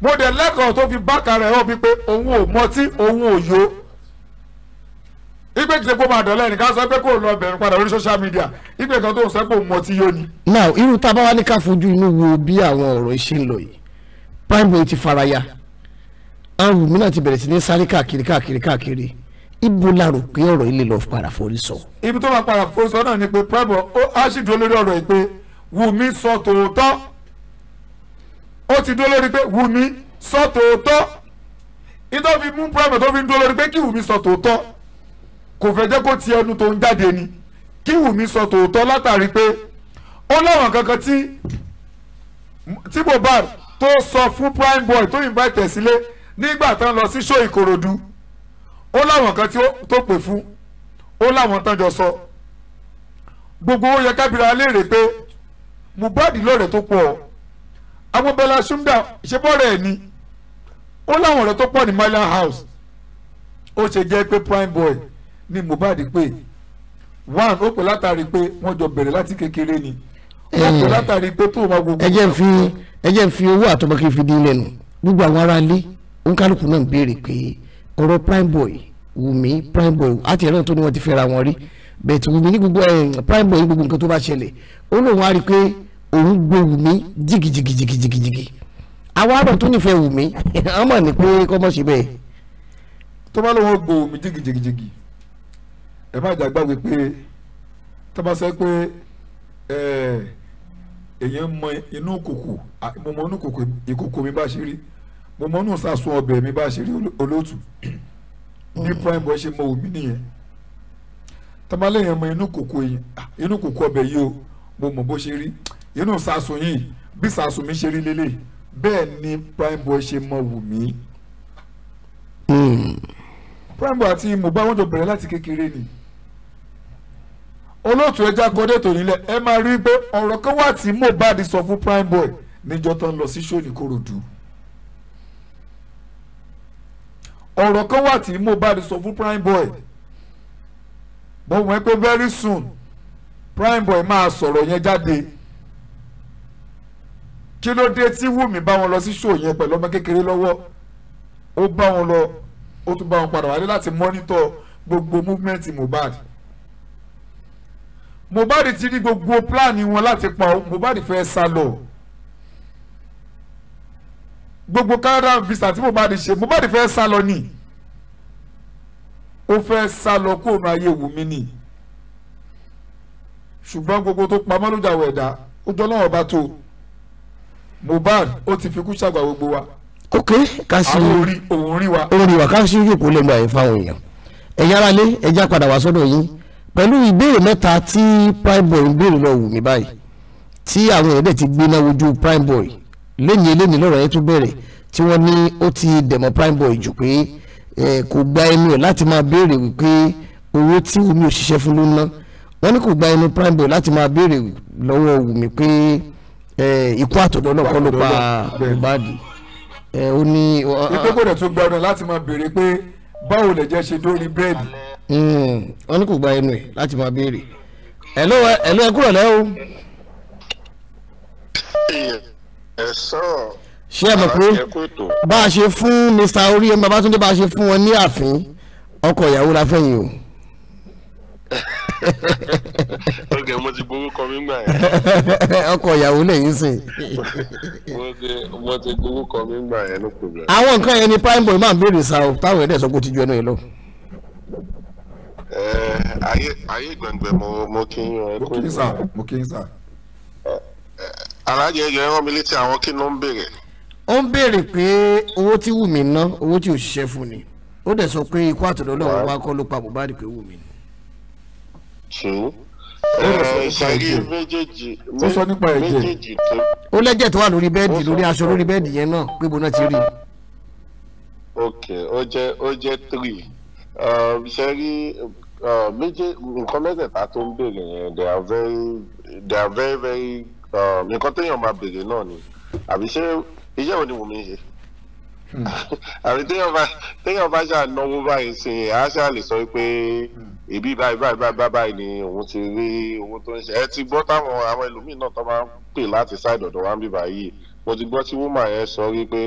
mo dẹ̀ lẹ́kọ̀ọ́ tó fi bákà rẹ̀ hàn wípé òun ò mọtí òun ò yó ipe kìí kó máa dọ̀lẹ́ nìkan sọ pé kó lọ bẹ̀rù padà lórí social media ipe kan tó ń sọ pé òun mọtí yó ni. now irú tá a bá wá ní ká fojú inú wo bí àwọn ọ̀rọ̀ ṣe ń lọ yìí prime boy ti faraya arun mi náà ti bẹ̀rẹ̀ sí ní sáré káàkiri káàkiri káàkiri ibo la rò pé ọ̀rọ̀ ilé lọ paraforí sọ. ibi tó máa paraforí sọ náà ni pé Primeboy ó á sì dúró lórí ọ̀rọ̀ yìí pé Wùmí sọ tòótọ́ ó ti dúró lórí pé Wùmí sọ tòótọ́ ìtọ́ fi mú Primeboy tó fi ń dúró lórí pé kí Wùmí sọ tòótọ́ kò fẹ́ jẹ́ kó ti ẹnu tó ń jáde ni kí Wùmí sọ tòótọ́ látàrí pé ó láwọn kankan tí tí Mohbad tó sọ fún Primeboy tó invite ẹ̀ sílé nígbà tán lọ sí show Ìkòròdú ó láwọn kan tó pè fún ó láwọn tán sọ gbogbo ó yẹ kábìrà léèrè pé Mohbad lọ́rẹ̀ tó pọ̀ àwọn Bọ́lá Sumda ìṣebọ́rẹ̀ ẹ̀ ni ó láwọn ọ̀rẹ́ tó pọ̀ ní Marlian House ó ṣe jẹ́ pé prime boy ni Mohbad pè one ó pè látàrí pé wọ́n jọ bẹ̀rẹ̀ láti kékeré ni wọ́n pè eh, látàrí pé tó ma gbogbo. ẹ jẹ́ fi ẹ jẹ́ fi owó àtọmọkẹ́ fi dín lẹ́nu gbogbo àwọn ará ilé òǹkálùkù náà ń béèrè pé. ọ̀rọ̀ Primeboy Wùmí Primeboy àti ẹ̀rọ tó ní wọ́n ti fẹ́ra wọn rí bẹ̀tù Wùmí ní gbogbo eh, Primeboy ní gbogbo nǹkan tó bá ṣẹlẹ̀ ó lóun á rí i pé òun gbé Wùmí jìgìjìgìjìgìjìgì àwọn àrùn tó nífẹ̀ẹ́ Wùmí ọmọ ní pé kọ́mọ̀ ṣe bẹ́ẹ̀. tó bá lóun gbó Wùmí jìgìjìgìjìgì ẹ má jà gbàgbé pé tó bá sọ pé eh, èèyàn mọ inú kòkò mo mọ inú kòkò ìkòkò mi bá ṣe rí mo mọ inú sàsun ọbẹ̀ mi bá ṣe rí olóòtú mm. bí prime boy ṣe mọ òmí nìyẹn tamalẹ̀ yẹn mọ inú kòkó yẹn ah, inú kòkó ọbẹ̀ yìí o mo mọ bó ṣe rí inú sàsun yìí bí sàsun mi ṣe rí lélẹ̀ bẹ́ẹ̀ ni prime boy ṣe mọ wùmí. Mm. prime boy àti Mohbad wọn jọ bẹ̀rẹ̀ láti kékeré ni olóòtú ẹja gọdẹ tó nílẹ̀ ẹ máa rí i pé ọ̀rọ̀ kan wà tí Mohbad sọ fún prime boy níjọ́ tó ń lọ sí ṣóòní Kòròdú. ọ̀rọ̀ kan wà tí Mohbad sọ fún boy, mo mọ̀ pé very soon Primeboy máa sọ̀rọ̀ yẹn jáde kí ló dé tí Wùmí bá wọn lọ sí ṣòó yẹn pẹ̀lú ọmọ kékeré lọ́wọ́ ó bá wọn lọ ó tún bá wọn padà wálé láti mọ́nítọ̀ gbogbo movement Mohbad Mohbad ti rí gbogbo pílánì wọn láti pa Mohbad fẹ́ sá lọ gbogbo Canada visa tí Mohbad ṣe Mohbad fẹ́ sá lọ ni ó fẹ́ sá lọ kóònù ayé Wùmí ni ṣùgbọ́n gbogbo tó pamọ́ ló jà ó jọ náà ọba tó Mohbad ó ti fi kú ṣàgbà gbogbo wa. ok ká sí òun rí wa òun rí wa ká sí yòókù lè mọ ẹ̀ fáwọn èèyàn ẹ̀yin ará lé ẹja padà wá sọ́dọ̀ yín pẹ̀lú ìbéèrè mẹ́ta tí boy. ń béèrè lọ Wùmí báyìí tí àwọn èèyàn dẹ̀ ti gbé náà wojú Primeboy lẹ́yìn eléyìí lọ́rọ̀ yẹn tún bẹ̀rẹ̀ tí wọ́n ní ó ti dẹ̀mọ prime boy jù pé kò gba ẹnu ẹ̀ láti máa béèrè wípé owó tí Wùmí ò ṣiṣẹ́ fún ló ná wọ́n ní kò gba ẹnu prime boy láti máa béèrè lọ́wọ́ Wùmí pé ikú àtọ̀dọ́ náà kọ́ ló pa Mohbad ó ní. ìpínpín rẹ̀ tún gbọ́dọ̀ láti máa béèrè pé báwo lè jẹ́ ṣe dórí bẹ́ẹ̀dì. Hmm, wọ́n ní kò gba ẹnu ẹ̀ láti máa béèrè ẹ̀ ló ẹ kúrò lẹ́wọ̀ ṣé ẹ mọ̀ pé bá a ṣe fún Mr. Oríyọmí Babátúndé bá a ṣe fún wọn ní ààfin ọkọ ìyàwó la fẹ́yìn o. ok mo ti gbórúkọ mi gbà yẹn. ọkọ ìyàwó lẹ́yìn sìn. mo ti gbórúkọ mi gbà yẹn ló kù bẹ́ẹ̀. àwọn nǹkan yẹn ni prime boy máa ń béèrè sa o táwọn ẹ̀dẹ̀ sọ pé ó ti ju ẹnu yẹn lọ. Eh, ayé ayé gbẹ̀ngbẹ̀ mo kí n yọ ẹ kó. mo kí n sà mo kí n sà alájẹ ẹjọ ẹran mi létí àwọn kí ló ń béèrè. ó ń béèrè pé owó tí Wùmí ná owó tí òṣìṣẹ́ fún ni ó dẹ̀ sọ pé ikú àtọ̀dọ̀ lọ́wọ́ wa kọ́ ló pa Mohbad pé Wùmí ni. ó sọ nípa ẹ̀jẹ̀ ó lẹ́jẹ̀ tó wà lórí bẹ́ẹ̀dì lórí aṣọ lórí bẹ́ẹ̀dì yẹn náà pé bóná ti rí i. ok ó jẹ́ ó jẹ́ three um, ṣe rí uh, méje nǹkan mẹ́tẹ̀ẹ̀ta tó ń béèrè yẹn they are very they are very very Um, nǹkan téèyàn máa béèrè náà ni àbí ṣé iṣẹ́ wo ni Wùmí ń ṣe hmm. àbí téèyàn bá ṣáà náwó báyìí sí i á ṣáà lè sọ pé hmm. ìbí báyìí báyìí báyìí báyìí ni òun ti rí owó tó ń ṣe ẹ ti gbọ́ táwọn àwọn ẹlòmíín náà tó máa ń pè láti ṣáìdì ọ̀dọ̀ wa ń bíbá yìí mo ti gbọ́ tí woman yẹn sọ rí pé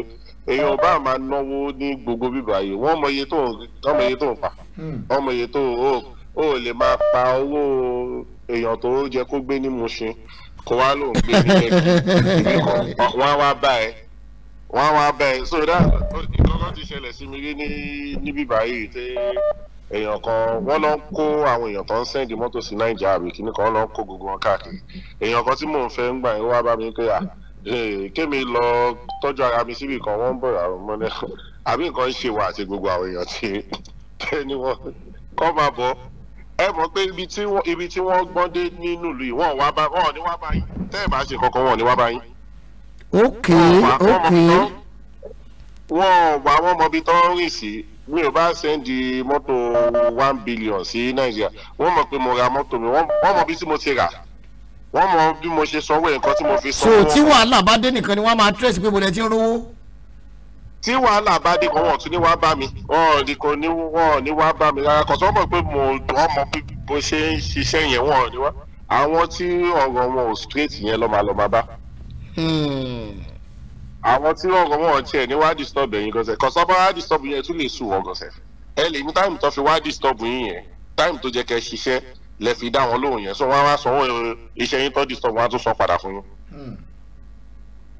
èèyàn bá máa náwó ní gbogbo bíbá yìí wọ́n mọ iye tó ń pa hmm. wọ́n mọ iye tó ń o ò lè máa pa owó èèyàn tó jẹ kó gbé ní Mushin kó wá ló ń gbé nílé wọn á wá bá ẹ wọn á wá bá ẹ so that ìkọ́kọ́ ti ṣẹlẹ̀ sí mi rí ní níbí báyìí tí èèyàn kan wọ́n lọ kó àwọn èèyàn tó ń sẹ́ndì mọ́tò sí Naija àbí kíní kan lọ kó gbogbo wọn káàkiri èèyàn kan tí mò ń fẹ́ ń gbà yín wá bá mi pé à eh, kémi lọ tọ́jú ara mi síbì kan wọ́n ń bọ̀ àwọn ọmọ náà àbí nǹkan ń ṣe wà àti gbogbo àwọn èèyàn tí ẹni wọn kọ́ máa bọ̀ ẹ mọ̀ pé ibi tí wọ́n ibi tí wọ́n gbọ́n dé nínú ìlú yìí wọ́n wá bá wọ́n ní wá bá yín tẹ́ ẹ̀ bá ṣe kankan wọ́n ní wá bá yín. ok ok wọ́n wá wọ́n mọ ibi tó ń rìn sí mi ò bá sẹ́ndì mọ́tò one billion sí nàìjíríà wọ́n mọ̀ pé mo ra mọ́tò mi wọ́n mọ̀ bí tí mo ti rà wọ́n mọ̀ bí mo ṣe sanwó nǹkan tí mo fi sanwó. so tí wàhálà bá dé nìkan ni wọ́n máa tẹ̀sí pé mo lẹ ti ń rówó tí wàhálà bá dé wọn tún ní wàá bá mi wọn ní kò ní wọn ní wàá bá mi rárá kò tó mọ̀ pé mo ọmọ bí ṣe ń ṣiṣẹ́ yẹn wọn ní wá àwọn tí ọ̀rọ̀ wọn ò straight yẹn lọ́ máa lọ́ máa bá hmm. àwọn tí ọ̀rọ̀ wọn tiẹ̀ ní wàá disturb ẹ̀yin gọ̀ọ̀sẹ̀ kò sọ́bọ̀ wàá disturb yẹn tún lè sùn wọ́n gọ̀ọ̀sẹ̀ ẹ lè ní táìmù tó fi wàá disturb yín yẹn táìmù tó jẹ́ kẹ́ ṣiṣẹ́ lẹ fi dá wọn lóhùn yẹn so wọ́n á wá sanwó iṣẹ́ yín tó disturb wọn á tún san padà fún yín. Hmm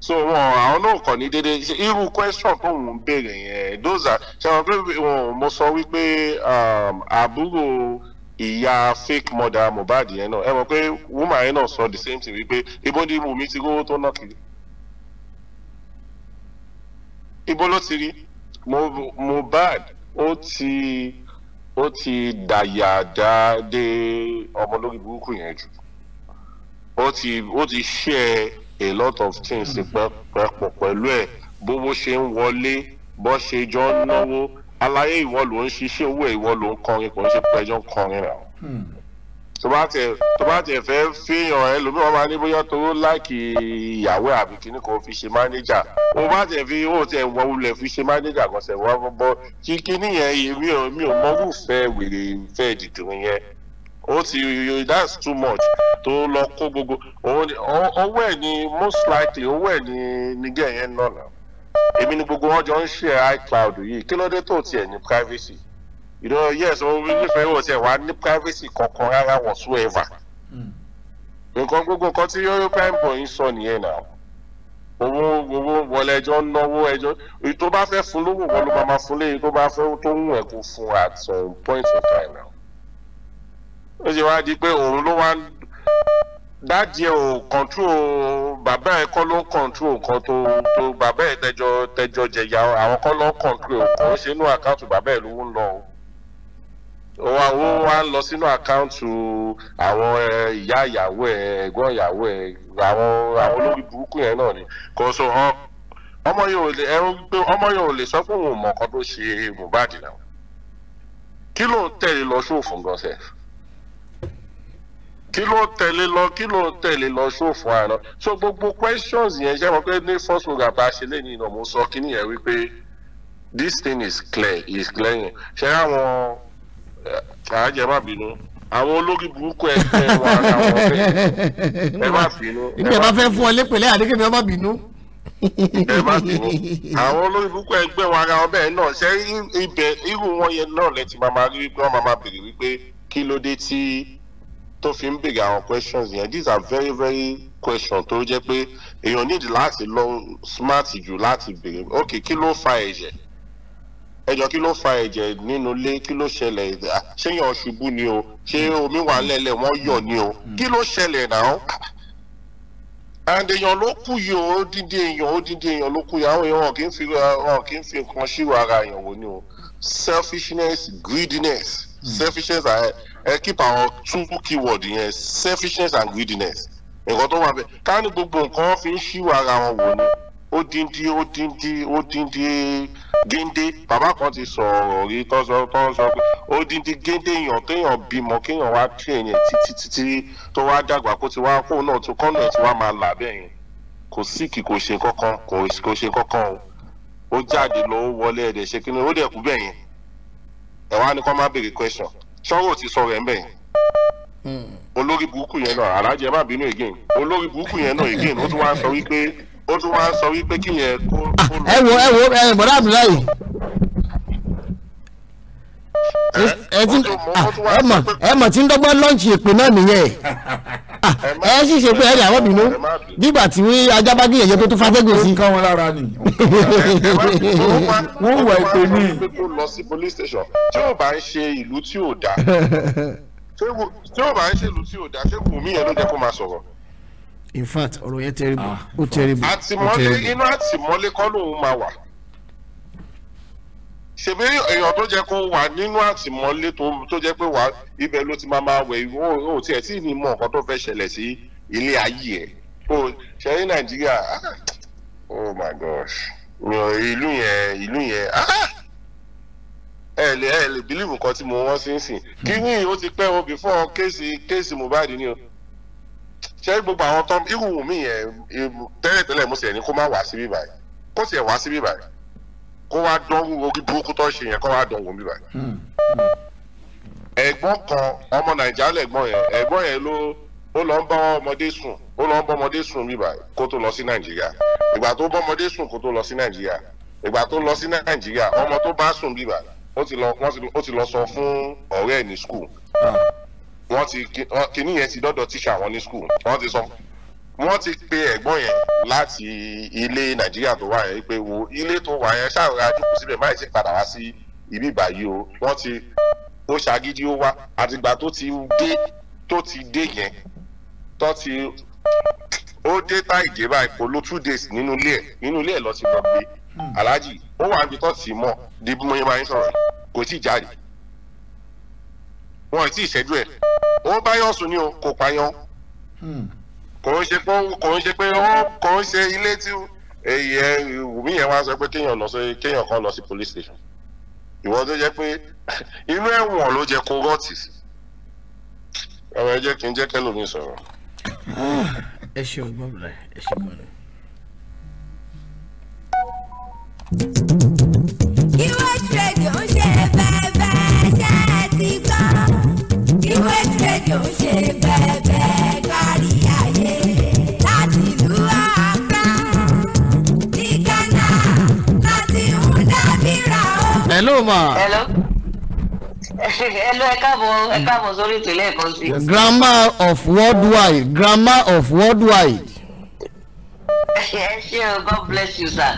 so wọn àwọn náà kàn ní déédéé irú question tó ń béèrè yẹn those are ṣe wọn pé wọn mo sọ wípé um, àbúrò ìyá fake mother Mohbad yẹn náà ẹ mọ̀ pé woman yẹn náà sọ the same thing wípé ibo ni Wunmi ti rówó tó ná kiri ibo ló ti rí Mohbad ó ti ó ti dàyàdá dé ọmọ lórí burúkú yẹn jù ó ti ó ti ṣe é a lot of things pẹ̀pọ̀ pẹ̀lú ẹ̀ bówó ṣe ń wọlé bó ṣe jọ ń náwó aláyé ìwọ ló ń ṣiṣẹ́ owó ìwọ ló ń kọrin kò ń ṣe pẹ́jọ́ ń kọrin rà hmm. tó bá tiẹ̀ tó bá tiẹ̀ fẹ́ fihàn ẹ lómi wọn máa ní bóyá toró láìkì ìyàwó àbí kíní kan fi ṣe mánéjà òun bá tiẹ̀ fi ó tiẹ̀ wọ ulẹ̀ fi ṣe mánéjà kan ṣẹ̀ wọ́n bọ́ kí kíní yẹn mi ò mi ò fẹ́ wèrè fẹ́ dìdìrín yẹn ó ti that's too much tó lọ kó gbogbo owó ẹ̀ ni most likely owó ẹ̀ ni nìgẹ̀ yẹn ń nọ̀nà èmi ni gbogbo wọn jọ ń ṣe icloud yìí kí ló dé tó tiẹ̀ ní privacy you know yes o nífẹ̀ẹ́ wò tiẹ̀ wá ní privacy kankan rárá whatsoever hmm. nǹkan gbogbo nǹkan tí yóò prime boy ń sọ nìyẹn náà owó owó wọlé ẹjọ́ ń náwó ẹjọ́ èyí tó bá fẹ́ fún lówó wọn ló máa fún léyìí tó bá fẹ́ tó ń wẹ̀ kó fún at some point of time now ó sì wá di pé òun ló wá dáàdì ẹ ò kọ̀ǹtúrò bàbá ẹ kọ́ ló ń kọ̀ǹtúrò nǹkan tó tó bàbá ẹ tẹjọ tẹjọ jẹyà àwọn kọ́ ló ń kọ̀ǹtúrò kò ń ṣe inú àkáǹtù bàbá ẹ ló ń lọ o òun àwọn wa ń lọ sínú àkáǹtù àwọn ìyá ìyàwó ẹ ẹ̀gbọ́n ìyàwó ẹ àwọn àwọn olórí burúkú yẹn náà ni kò sọ hàn ọmọ yóò lè ẹ pé ọmọ yóò lè sọ pé òun mọ nǹkan tó ṣe Mohbad náà kí ló ń tẹ̀lé lọ sóòfù gan kí ló ń tẹ̀lé lọ kí ló ń tẹ̀lé lọ ṣòfò àná so gbogbo questions yẹn jẹ́ wọn pé ní first program bá ṣe lé ní mo sọ kí nìyẹn wípé this thing is clear is clear yẹn ṣe àwọn àjẹmábìnú àwọn olórí burúkú ẹgbẹ́ wa làwọn fẹ́ ẹ má bínú. ìgbẹ́ bá fẹ́ fún ọ lépèlé àdékèmí ọmọ bínú. ẹ má bínú àwọn olórí burúkú ẹgbẹ́ wa ara ọbẹ̀ náà ṣé ibẹ̀ irú wọn yẹn náà lẹ́tì máa máa rí wípé wọ́n máa máa béèrè wípé kí ló dé tí tó fi ń béèrè àwọn questions yẹn these are very very questions tó jẹ́ pé èèyàn need láti lọ smart jù láti béèrè ok kí ló fa ẹ̀jẹ̀ ẹjọ́ kí ló fa ẹ̀jẹ̀ nínú ilé kí ló ṣẹlẹ̀ ṣéyàn ṣubú ni o ṣé omi wà lẹ́lẹ̀ wọ́n yọ̀ ni o hmm. kí ló ṣẹlẹ̀ náà and èèyàn ló kú yìí o odidi èèyàn odidi èèyàn ló kú yìí àwọn èèyàn kì í fi wọn kì í fi nǹkan ṣírò ara èèyàn wò ni o selfishness greediness hmm. selfishness are ẹ keep àwọn two keyword yẹn selfishness and greediness nǹkan tó wà bẹ́ẹ̀ ká ní gbogbo nǹkan fi ń ṣíwò ara wọn wò ni ó díndín ó díndín ó díndín géńdé bàbá kan ti sọ̀rọ̀ rí tó sọ tó sọ pé ó díndín géńdé èèyàn kéèyàn bímọ kéèyàn wá train yẹn títí títí tó wá dàgbà kó ti wá fóun náà tó kọ́nà ẹ̀ tí wá máa là bẹ́ẹ̀ yẹn kò síkì kò ṣe kankan kò ṣe kankan o ó jáde lọ ó wọlé ẹ̀dẹ̀ ṣe kí ni ó dẹ̀ kú bẹ́ẹ̀ yẹn ẹ̀ wá ní kó má béèrè question sọ́rọ̀ ti sọ rẹ̀ ń bẹ̀ hmm. olórí burúkú yẹn náà alájẹ má bínú again olórí burúkú yẹn náà again ó tún wá sọ wípé ó tún wá sọ wípé kí yẹn kó. ẹ wo ẹ wo ẹ bọ̀dá Abdullahi Ah, ẹ mọ̀ tí ń dọ́gbọ́n lọ́ọ̀ṣì èpè náà nìyẹn ah, ẹ sì ṣe pé ẹ dà wọ́n bínú nígbà tí ajábágé yẹ̀yẹ́ tó tún fàtẹ́gùn sí. ó ń kán wọn lára ni. wọ́n wà ìpè ní. lọ sí police station tí ò bá ń ṣe ìlú tí ò dáa tí ò bá ń ṣe ìlú tí ò dáa ṣé Wùmí yẹn ló jẹ́ kó máa sọ̀rọ̀ in fact ọ̀rọ̀ yẹn terrible ah, ó terrible. àtìmọ́lé inú àtìmọ́lé kọ́ lòun máa wà ṣèbí èèyàn tó jẹ́ kó wà nínú àtìmọ́lé tó jẹ́ pé wà ibẹ̀ ló ti máa máa wẹ̀ ó tiẹ̀ tí ní mọ̀ nǹkan tó fẹ́ ṣẹlẹ̀ sí ilé ayé ẹ̀ tó ṣe ní nàìjíríà ah, oh my gosh mi ò ìlú yẹn ìlú yẹn ah, ah. ẹ lè ẹ lè bílíìfù nǹkan tí mo wọ́n sí ń sìn kí ni ó ti pẹ́ o before kéèsì kéèsì Mohbad ni o ṣe gbogbo àwọn tán irú mi yẹn tẹ́lẹ̀tẹ́lẹ̀ mo sì ẹ̀ ní kó má wá síbí báyìí kó sì ẹ̀ wá síbí báyìí kó wá dánwò orí burúkú tó ń ṣe yẹn kó wá dánwò mi báyìí. Hmm. ẹ̀gbọ́n kan ọmọ nàìjíríà lẹ̀gbọ́n yẹn ẹ̀gbọ́n yẹn ló ó lọ ń bá ọmọdé sùn ó lọ ń bá ọmọdé sùn mi báyìí kó tó lọ sí nàìjíríà ìgbà tó bá ọmọdé sùn kó tó lọ sí nàìjíríà ìgbà tó lọ sí nàìjíríà ọmọ tó bá sùn bíbà ó ti lọ sọ fún ọ̀rẹ́ ẹ̀ ní skul ah. wọ́n ti kíní yẹn ti dọ́dọ̀ tíṣà wọn ní skul wọ́n ti sọ wọ́n ti pe ẹ̀gbọ́n yẹn láti ilé nàìjíríà tó wà yẹn pé wo ilé tó wà yẹn ṣáà ra jókòó síbẹ̀ má ti padà wá sí ibi ìbàyí o wọ́n ti ó ṣàgídí ó wá àtìgbà tó ti dé tó ti dé yẹn tó ti ó dé tá ìdè báyìí kò ló two days nínú ilé ẹ̀ nínú ilé ẹ̀ lọ sí lọ gbé hmm. aláàjì ó wà níbi tó ti mọ̀ di bí mo yẹn máa ń sọ̀rọ̀ kò tí ì jáde wọn ì tí ì ṣẹ́jú ẹ̀ ó báyọ̀ sùn ni o kò pààyàn kò ń ṣe pé kò ń ṣe pé ó kò ń ṣe ilé tí èyẹ Wùmí yẹn wá sọ pé kéèyàn lọ sí kéèyàn kan lọ sí police station ìwọ tó jẹ́ pé inú ẹ̀wọ̀n ló jẹ́ kó rọtì ọmọ ẹ jẹ́ kí n jẹ́ kẹlòmí sọ̀rọ̀. ẹ ṣeun gbọ́dọ̀ ẹ ṣeun gbọ́dọ̀. QH Radio ń ṣe bẹ́ẹ̀bẹ́ ṣáà ti gbọ́. QH Radio ń ṣe bẹ́ẹ̀bẹ́ hello ma. hello hello ẹ káàbọ̀ ẹ káàbọ̀ sórí ìtìlẹ̀ ẹ̀kọ́ sí. grammar of worldwide grammar of worldwide. ẹ ṣé o god bless you sir.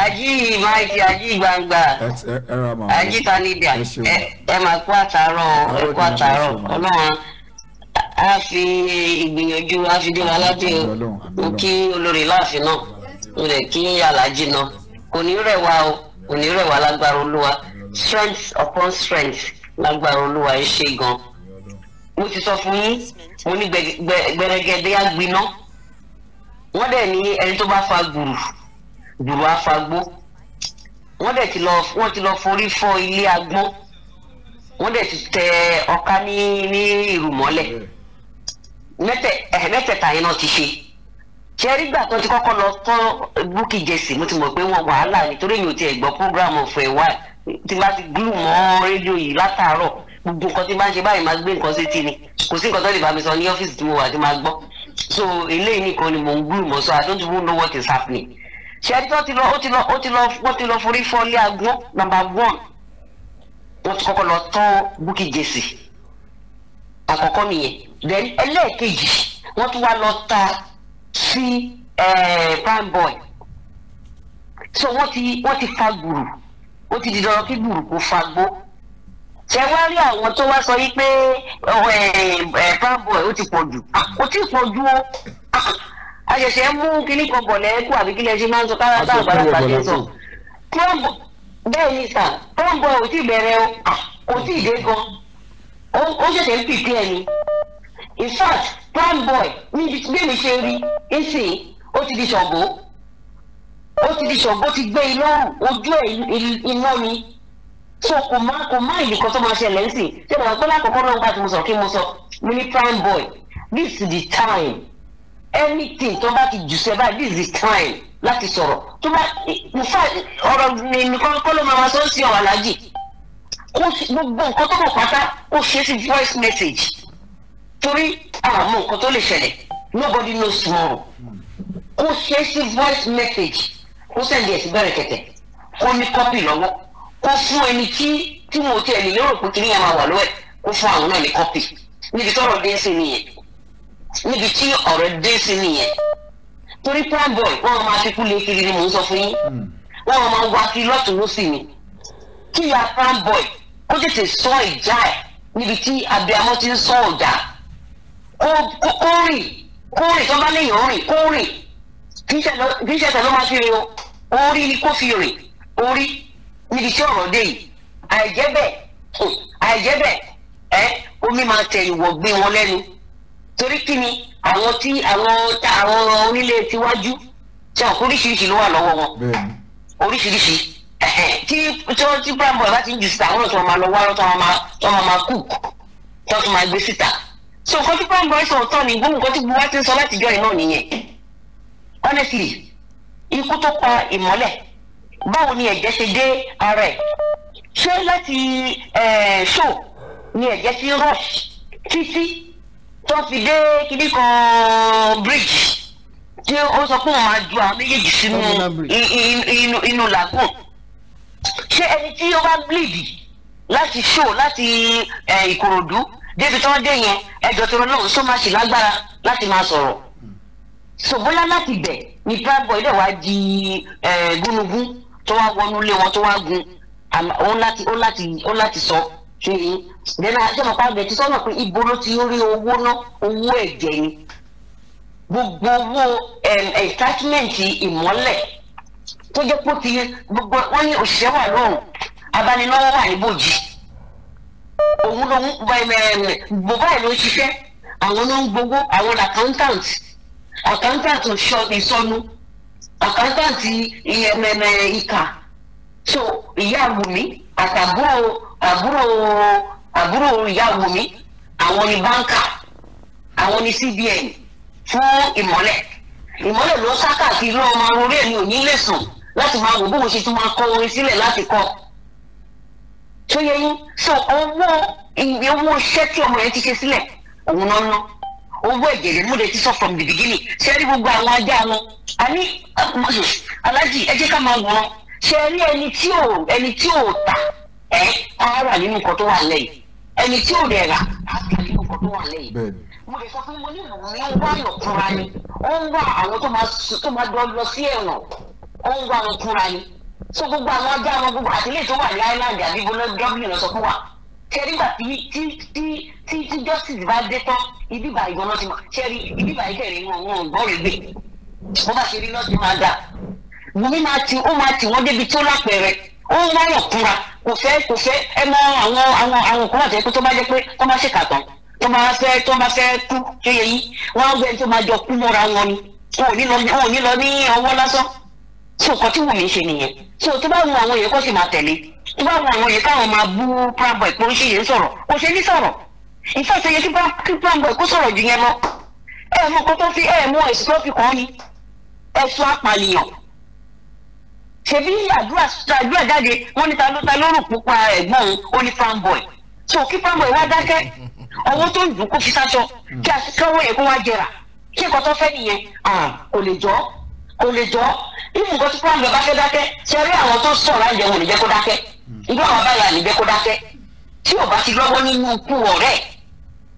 ají máìtì ají gbangba ají kanida ẹ máa kó àtàárọ̀ ẹ kó àtàárọ̀ ọlọ́run a fi ìgbìyànjú a fi dé wa láti kí olórí láàfin náà mo lè kí alájí náà kò ní rẹ̀ wá o kò ní rẹ̀ lágbára olúwa strength upon strength lágbára olúwa ẹ ṣe gan mo ti sọ fún yín mo ní gbẹrẹgẹdẹ àgbiná wọ́n dẹ̀ ní ẹni tó bá fa gbùrù gbùrù á fa gbó ti lọ wọ́n ti lọ forí fọ́ ilé agbọ́n wọ́n dẹ̀ ti tẹ ọ̀ká ní ní ìrùmọ́lẹ̀ mẹ́tẹ̀ẹ̀ta yẹn náà ti ṣe ṣẹ́rí gbà tó ti kọ́kọ́ lọ tọ́ búkì jẹ̀sì mo ti mọ̀ pé wọ́n wàhálà nítorí èyí ò tiẹ̀ gbọ́ program ọ̀fọ̀ ẹ̀wá tí bá ti glue mọ́ rédíò yìí látàárọ̀ gbogbo nǹkan tí bá ń ṣe báyìí máa gbé nǹkan sétí ni kò sí nǹkan tó lè bá mi sọ ní ọ́fíìsì tí mo wà tí máa gbọ́ so eléyìí nìkan ni mo ń glue mọ́ so I don't even know what is happening ṣẹ́rí tó ti lọ ó ti lọ ó ti lọ wọ́n ti lọ forí fọ́lé agbọ́n number one wọ́n ti kọ́kọ́ lọ tọ́ búkì jẹ̀sì àkọ́kọ́ nìyẹn then ẹlẹ́ẹ̀kejì wọ́n tún wá lọ ta sí eh, prime boy so wọ́n ti wọ́n ti fa gbùrù ó ti di dandan kí gbùrù kó fa gbó ṣe wá rí àwọn tó wá sọ yìí pé eh, eh, prime boy ó ti pọ̀ jù ó ah, ti pọ̀ jù ó a ṣẹ̀ṣẹ̀ mú kíní kan bọ̀ lẹ́kù àbí kílẹ̀ ṣe máa ń sọ kára bá àgbàlagbà ṣe sọ bẹ́ẹ̀ ni sà prime boy ò tí bẹ̀rẹ̀ o ah, kò tí ì dé gan ó ṣẹ̀ṣẹ̀ ń pìpì ẹ̀ ni in fact prime boy níbi tí bẹ́ẹ̀ mi ṣe rí ẹ̀sìn ó ti di ṣọ̀gbó ó ti di ṣọ̀gbó ti gbé iná ojú ẹ̀ iná ni so kò má kò má ìdíkan tó máa ṣẹlẹ̀ ẹ̀sìn ṣé mo gbọ́dọ̀ àkọ́kọ́ náà ń gbà tí mo sọ kí mo sọ mo ní prime boy this is the time anything tó bá ti jù sẹ́ báyìí this is the time láti sọ̀rọ̀ tó bá ìfà ọ̀rọ̀ nìkan kọ́ ló máa ma sọ́ọ́ sí ọ̀rọ̀ alájì gbogbo nǹkan tó kọ̀ pátá kó ṣe é sí voice message torí àmọ́ nǹkan tó lè ṣẹlẹ̀ nobody knows tomorrow kó ṣe sí voice message kó sẹ́ndì ẹ̀ sí bẹ̀rẹ̀ kẹ̀tẹ̀ kó ní kọ́pì lọ́wọ́ kó fún ẹni tí tí mo ti ẹ̀mí lérò pé kí ni ẹ̀ máa wà lọ́wọ́ ẹ̀ kó fún àwọn náà ní kọ́pì níbi tọ́rọ̀ dé sí nìyẹn níbi tí ọ̀rọ̀ dé sí nìyẹn torí prime boy wọ́n máa fi kú lé kiri ni mò ń sọ fún yín hmm. wọ́n máa wá kiri lọ́tún lọ́sì ni kí ya prime boy kó tètè sọ ìjà ẹ̀ níbi tí abiyamọ ti ń sọ ọ̀dà kó rìn kó rìn tó bá léyìn ó rìn kó rìn kì í ṣẹ̀tẹ̀ ló máa fi rìn o orí ni kó fi rìn orí níbi tí ọ̀rọ̀ dé yìí àìjẹ́ bẹ́ẹ̀ àìjẹ́ bẹ́ẹ̀ ẹ́ omi máa tẹ ìwọ̀ gbé wọn lẹ́nu torí kí ni àwọn tí àwọn àwọn onílé tiwájú tí àwọn oríṣiríṣi ló wà lọ́wọ́ wọn oríṣiríṣi tí tí prime boy bá ti ń jù síta àwọn náà máa lọ wá lọ́tọ́ wọn máa kú tó tún máa gbé síta so nǹkan tí prime boy sọ ọ̀tọ̀ ni gbogbo nǹkan tí buwa ti sọ láti jọ iná nìyẹn honestly ikú tó pa ìmọ́lẹ̀ báwo ni ẹ̀jẹ̀ ṣe dé ara ẹ̀ ṣé láti ṣó ni ẹ̀jẹ̀ ti rush títí tó fi dé kíní kan bridge tí ó sọ pé òun máa ju àwọn méjèèjì sínú inú làágùn ṣé ẹni tí ó bá bleed láti ṣó láti Ìkòròdú débi tí wọ́n dé yẹn ẹjọ́ tó lọ́wọ́ sọ máa ṣì lágbára láti máa sọ̀rọ̀ so bóyá láti bẹ̀ ni prime boy dẹ̀ wá di gúnugún tó wá wọnú ilé wọn tó wá gun ó láti ó láti ó láti sọ ṣe yìí dẹ́nà àjọmọ̀ pàgbẹ́ ti sọ́nà pé ibo ló ti rí owó náà owó ẹ̀jẹ̀ ni gbogbo owó excitement ìmọ́lẹ̀ tó jẹ́ pé ó ti gbogbo wọ́n ní òṣìṣẹ́ wà lọ́rùn abanilọ́wọ́ wà níbòjì òun ló ń bọ̀bá ẹ̀ ló ń ṣiṣẹ́ àwọn ló ń gbowó àwọn accountant accountant ìsọnù accountant ìyẹmẹmẹ ìkà so ìyá wùmí àtàbúrò àbúrò àbúrò ìyá wùmí àwọn ni báńkà àwọn ni cbn fún ìmọ̀lẹ̀ ìmọ̀lẹ̀ ló ń sá káàkiri ọmọ orí ẹ̀ ní òní lè sùn láti máa wò bóun ṣe tún máa kọ orin sílẹ̀ láti kọ́ ọ tó yẹ yín so owó owó iṣẹ́ tí ọmọ yẹn ti ṣe sílẹ̀ òun náà ná owó ẹ̀jẹ̀ lè múlẹ̀ ti sọ from the beginning ṣe rí gbogbo àwọn ajá wọn àní alájì ah, ẹ jẹ́ ká máa wọ̀n ṣe rí ẹni tí ò ẹni tí ò tà ẹ á rà nínú nǹkan tó wà lẹ́yìn ẹni tí ò rẹ̀ rà á rà nínú nǹkan tó wà lẹ́yìn mo lè sọ fún mo ní ìwúrí ń wá àyàn ni ó ń wá àwọn tó máa dọ́ lọ sí ẹ̀wọ̀n ó ń wá àwọn ni so gbogbo àwọn ajá wọn gbogbo àtìlẹ́yìn tó wà ní island àbí bọ́lá dublin lọ́sọ̀ fún wa ṣẹ́rí gbà tí tí tí tí tí justice bá dé tán ibi ìgbà ìgbọ́n lọ́sí ma ṣẹ́rí ibi ìgbà ìkẹrin wọn wọn gbọ́ rẹ̀ gbé bó bá ṣe rí lọ́sí máa dà Wùmí máa ti ó máa ti wọ́n débi tó lápẹ̀rẹ̀ ó ń wáyọ̀ kúra kò fẹ́ kò fẹ́ ẹ mọ àwọn àwọn àwọn kan àti ẹkú tó bá jẹ́ pé tó bá ṣèkà tán tó bá fẹ́ tó bá fẹ́ kú tó yẹ wọ́n á gbé tó máa jọ kú mọ́ra wọn ni wọn ò ní lọ ní ọwọ́ lásán so nǹkan tí Wùmí ṣe nìyẹn so tó bá wù àwọn èèyàn kó sì máa tẹ̀lé tó bá wù àwọn èèyàn káwọn máa bú Primeboy pé ó ṣe yẹn sọ̀rọ̀ kò ṣe ní sọ̀rọ̀ ìfẹ́ ṣe yẹ kí Primeboy kó sọ̀rọ̀ jù yẹn lọ ẹ mọ nǹkan fi ẹ mú ẹ̀sùn tó fi kàn án ni ẹ̀sùn ṣèbí àdúrà àdúrà jáde wọn ní ta ló ta lórùn pupa ẹ̀gbọ́n òun ó ní Primeboy so kí Primeboy wá dákẹ́ ọwọ́ tó ń dùn kó fi sáṣọ kí àṣìkáwọ́ yẹn kó wá jẹrà ṣé nǹkan tó fẹ́ nìyẹn kò lè jọ́ kò lè jọ ìmù nǹkan tí program bá fẹ́ dákẹ́ ṣe rí àwọn tó sọ̀rọ̀ àìjẹ́ wọn ò ní jẹ́ kó dákẹ́ irú àwọn báyà ní jẹ́ kó dákẹ́ tí ò bá ti lọ́wọ́ nínú ikú ọ̀rẹ́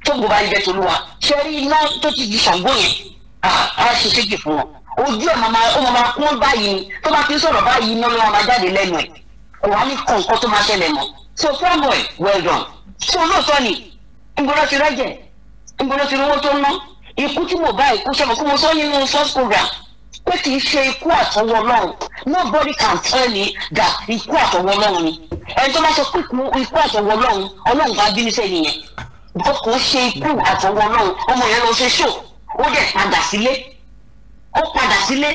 tó gbogbo ayé jẹ́ tolúwa ṣe rí iná tó ti di ṣàǹgó yẹn á ṣe séjì fún wọn ojú ẹ̀ ọmọ máa kún báyìí tó bá ti sọ̀rọ̀ báyìí iná ló máa jáde lẹ́nu ẹ̀ kò wá ní kàn tó máa ṣẹlẹ̀ mọ́ so Primeboy well done so olóòótọ́ ni ngbọ́dọ̀ ti rẹ́jẹ̀ ngbọ́dọ̀ ti rówó tó ná ikú tí mo bá ikú ṣe mọ̀ kó mo sọ nínú first program pé kì í ṣe ikú àtọwọ́ Ọlọ́run nobody can tell me that ikú àtọwọ́ Ọlọ́run ni ẹni tó bá sọ pé ikú àtọwọ́ Ọlọ́run Ọlọ́run bá bínú sẹ́yìn yẹn bó kò ṣe ikú àtọwọ́ Ọlọ́run ọmọ yẹn lọ ṣe ṣó ó dẹ̀ padà sílé ó padà sílé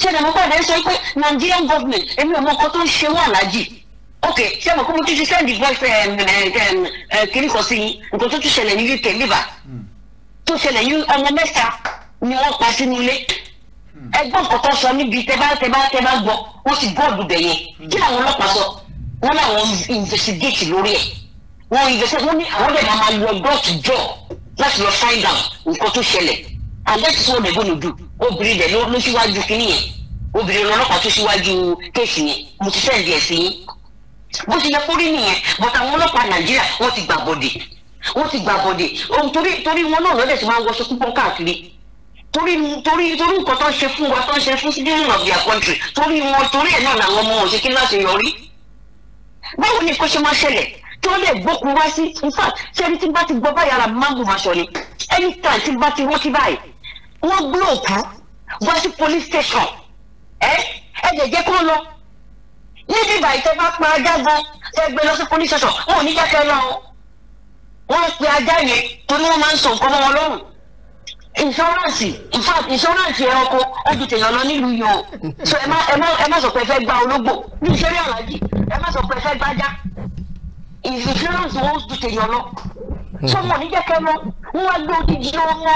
ṣé ni mo pàdé sọ pé Nigerian government èmi ò mọ ọkọ tó ń ṣe wọn àlájì ok ṣé mo kó mo tún ṣe send the voice kiri kan sí yín nǹkan tó tún ṣẹlẹ̀ ní UK níbà hmm. tó ṣẹlẹ̀ ní ọmọ mẹ́ta ni wọ́n pa sínú ilé Hmm. ẹgbọ́n kọ̀ọ̀kan sọ níbi tẹ́bá tẹ́bá tẹ́bá gbọ́ wọ́n ti bọ́ọ̀lù bẹ̀ yẹn hmm. kí làwọn ọlọ́pàá sọ wọ́n làwọn investigate lórí ẹ̀ wọ́n investigate wọ́n ní àwọn dẹ̀ máa lọ ọjọ́ ìtújọ́ láti lọ find out nǹkan tó ṣẹlẹ̀ and that is what they obìnrin dẹ̀ ló síwájú kínní yẹn obìnrin ọlọ́pàá tó síwájú kéèsì yẹn mo ti sẹ́ǹdì ẹ̀ sí yín bó ti yẹ kórí nìyẹn but àwọn ọlọ́pàá nàìjíríà wọ́n ti gbàbọ̀dè wọ́n ti gbàbọ̀dè torí torí torí nǹkan tó ń ṣe fún wa tó ń ṣe fún citizen of their country torí wọn torí ẹ̀ náà làwọn ọmọ òṣèké láti yọrí báwo ni kò ṣe máa ṣẹlẹ̀ tí lè gbókun wá sí in fact ṣẹ́ni tí bá ti gbọ́ báyìí ara mango máa ṣọ ni anytime tí bá ti rántí báyìí wọ́n gbé òkú wá sí police station ẹ ẹ jẹ́ jẹ́ kó lọ níbi ìbàyí bá pa ajá gan tẹ gbé lọ sí police station wọn ò ní jákẹ́ lọ wọn pe ajá yẹn torí wọ́n máa ń sọ nǹkan mọ́ wọn lọ́rùn insurance in fact insurance ẹranko ó ju tèèyàn lọ nílùú yìí o so ẹ má ẹ má ẹ má sọ pé ẹ fẹ́ gba ológbò ní ìṣeré aláàjì ẹ má sọ pé ẹ fẹ́ gbájá insurance ó ju tèèyàn lọ so hmm. wọn ò ní jẹ́ kẹ́ lọ wọ́n wá gbé odidi ọmọ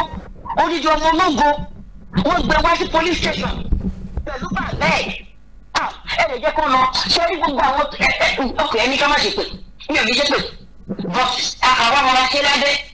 odidi ọmọ ológo wọ́n gbé wá sí police station pẹ̀lú bàbá ẹ̀ ẹ lè jẹ́ kó lọ sẹ́rí gbogbo àwọn ọkọ̀ ẹni ká má ṣe pé mi ò ní jẹ́ pé bọ́ àwọn ọmọ wa ṣe ládé.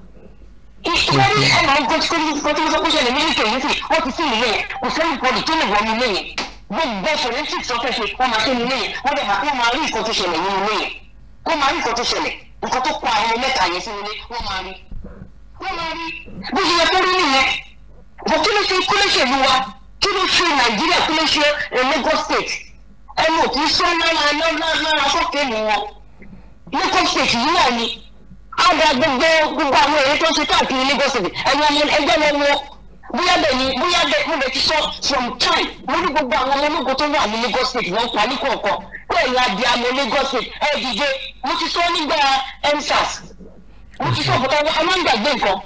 ìṣẹ́rí ẹnà ìgbésíkọ́tí kó ṣẹlẹ̀ mílíkì èyí sì wọ́n ti sí ilé yẹn kò sẹ́yìn pọ̀lì tó lè wọ nílé yẹn gbogbo forensics ọ̀fẹ́ ṣe wọ́n máa ṣe nílé yẹn wọ́n dẹ̀ wọ́n máa rí nǹkan tó ṣẹlẹ̀ nínú ilé yẹn kó máa rí nǹkan tó ṣẹlẹ̀ nǹkan tó kọ àwọn mẹ́ta yẹn sí ilé wọ́n máa rí wọ́n máa rí bó ṣe yẹ kó rí nìyẹn bó kí ló ṣe kí ló ṣe lu wa kí ló ṣe Nàìjíríà kí ló ṣe Lagos state ẹnu òkú sọ lára lára lára fọ́ọ̀kẹ́ nìyẹn Lagos state yìí wà ní ada gbogbo gbogbo àwọn èrè tó ń ṣe káàkiri Lagos State ẹ̀yin ọmọ ẹgbẹ́ lọ wọ bóyá bẹ́ẹ̀ ni bóyá bẹ́ẹ̀ mo lè ti sọ from time mo ní gbogbo àwọn ọmọ ológun tó wà ní Lagos State wọn pa ní kọ̀ọ̀kan bẹ́ẹ̀ ni adi àmọ́ Lagos State ẹ̀ dìde mo ti sọ nígbà EndSARS mo ti sọ bọ́tọ̀ wọn a máa ń gbàgbé nǹkan.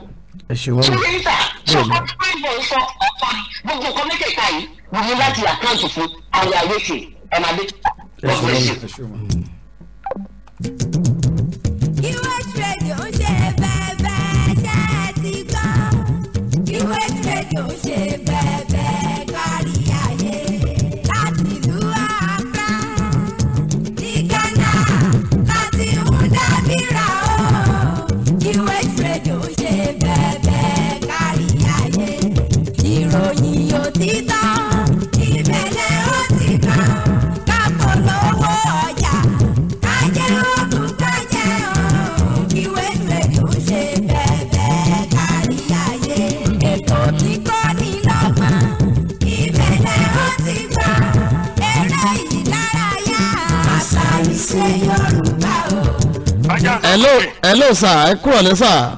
ẹ ṣe wọ́n mi bẹ́ẹ̀ ni sọ fún pẹ́ẹ́bọ̀ sọ ọ̀pá gbogbo nǹkan mẹ́tẹ̀ẹ̀ta yìí mo ní láti àkáǹtì fún àwọn àwẹ̀tì ẹ̀ máa dé. ẹ ṣe wọ́n ẹ ṣe wọ́n Oh yeah, baby. hello hello sir ẹ kúrò lẹ́ sà.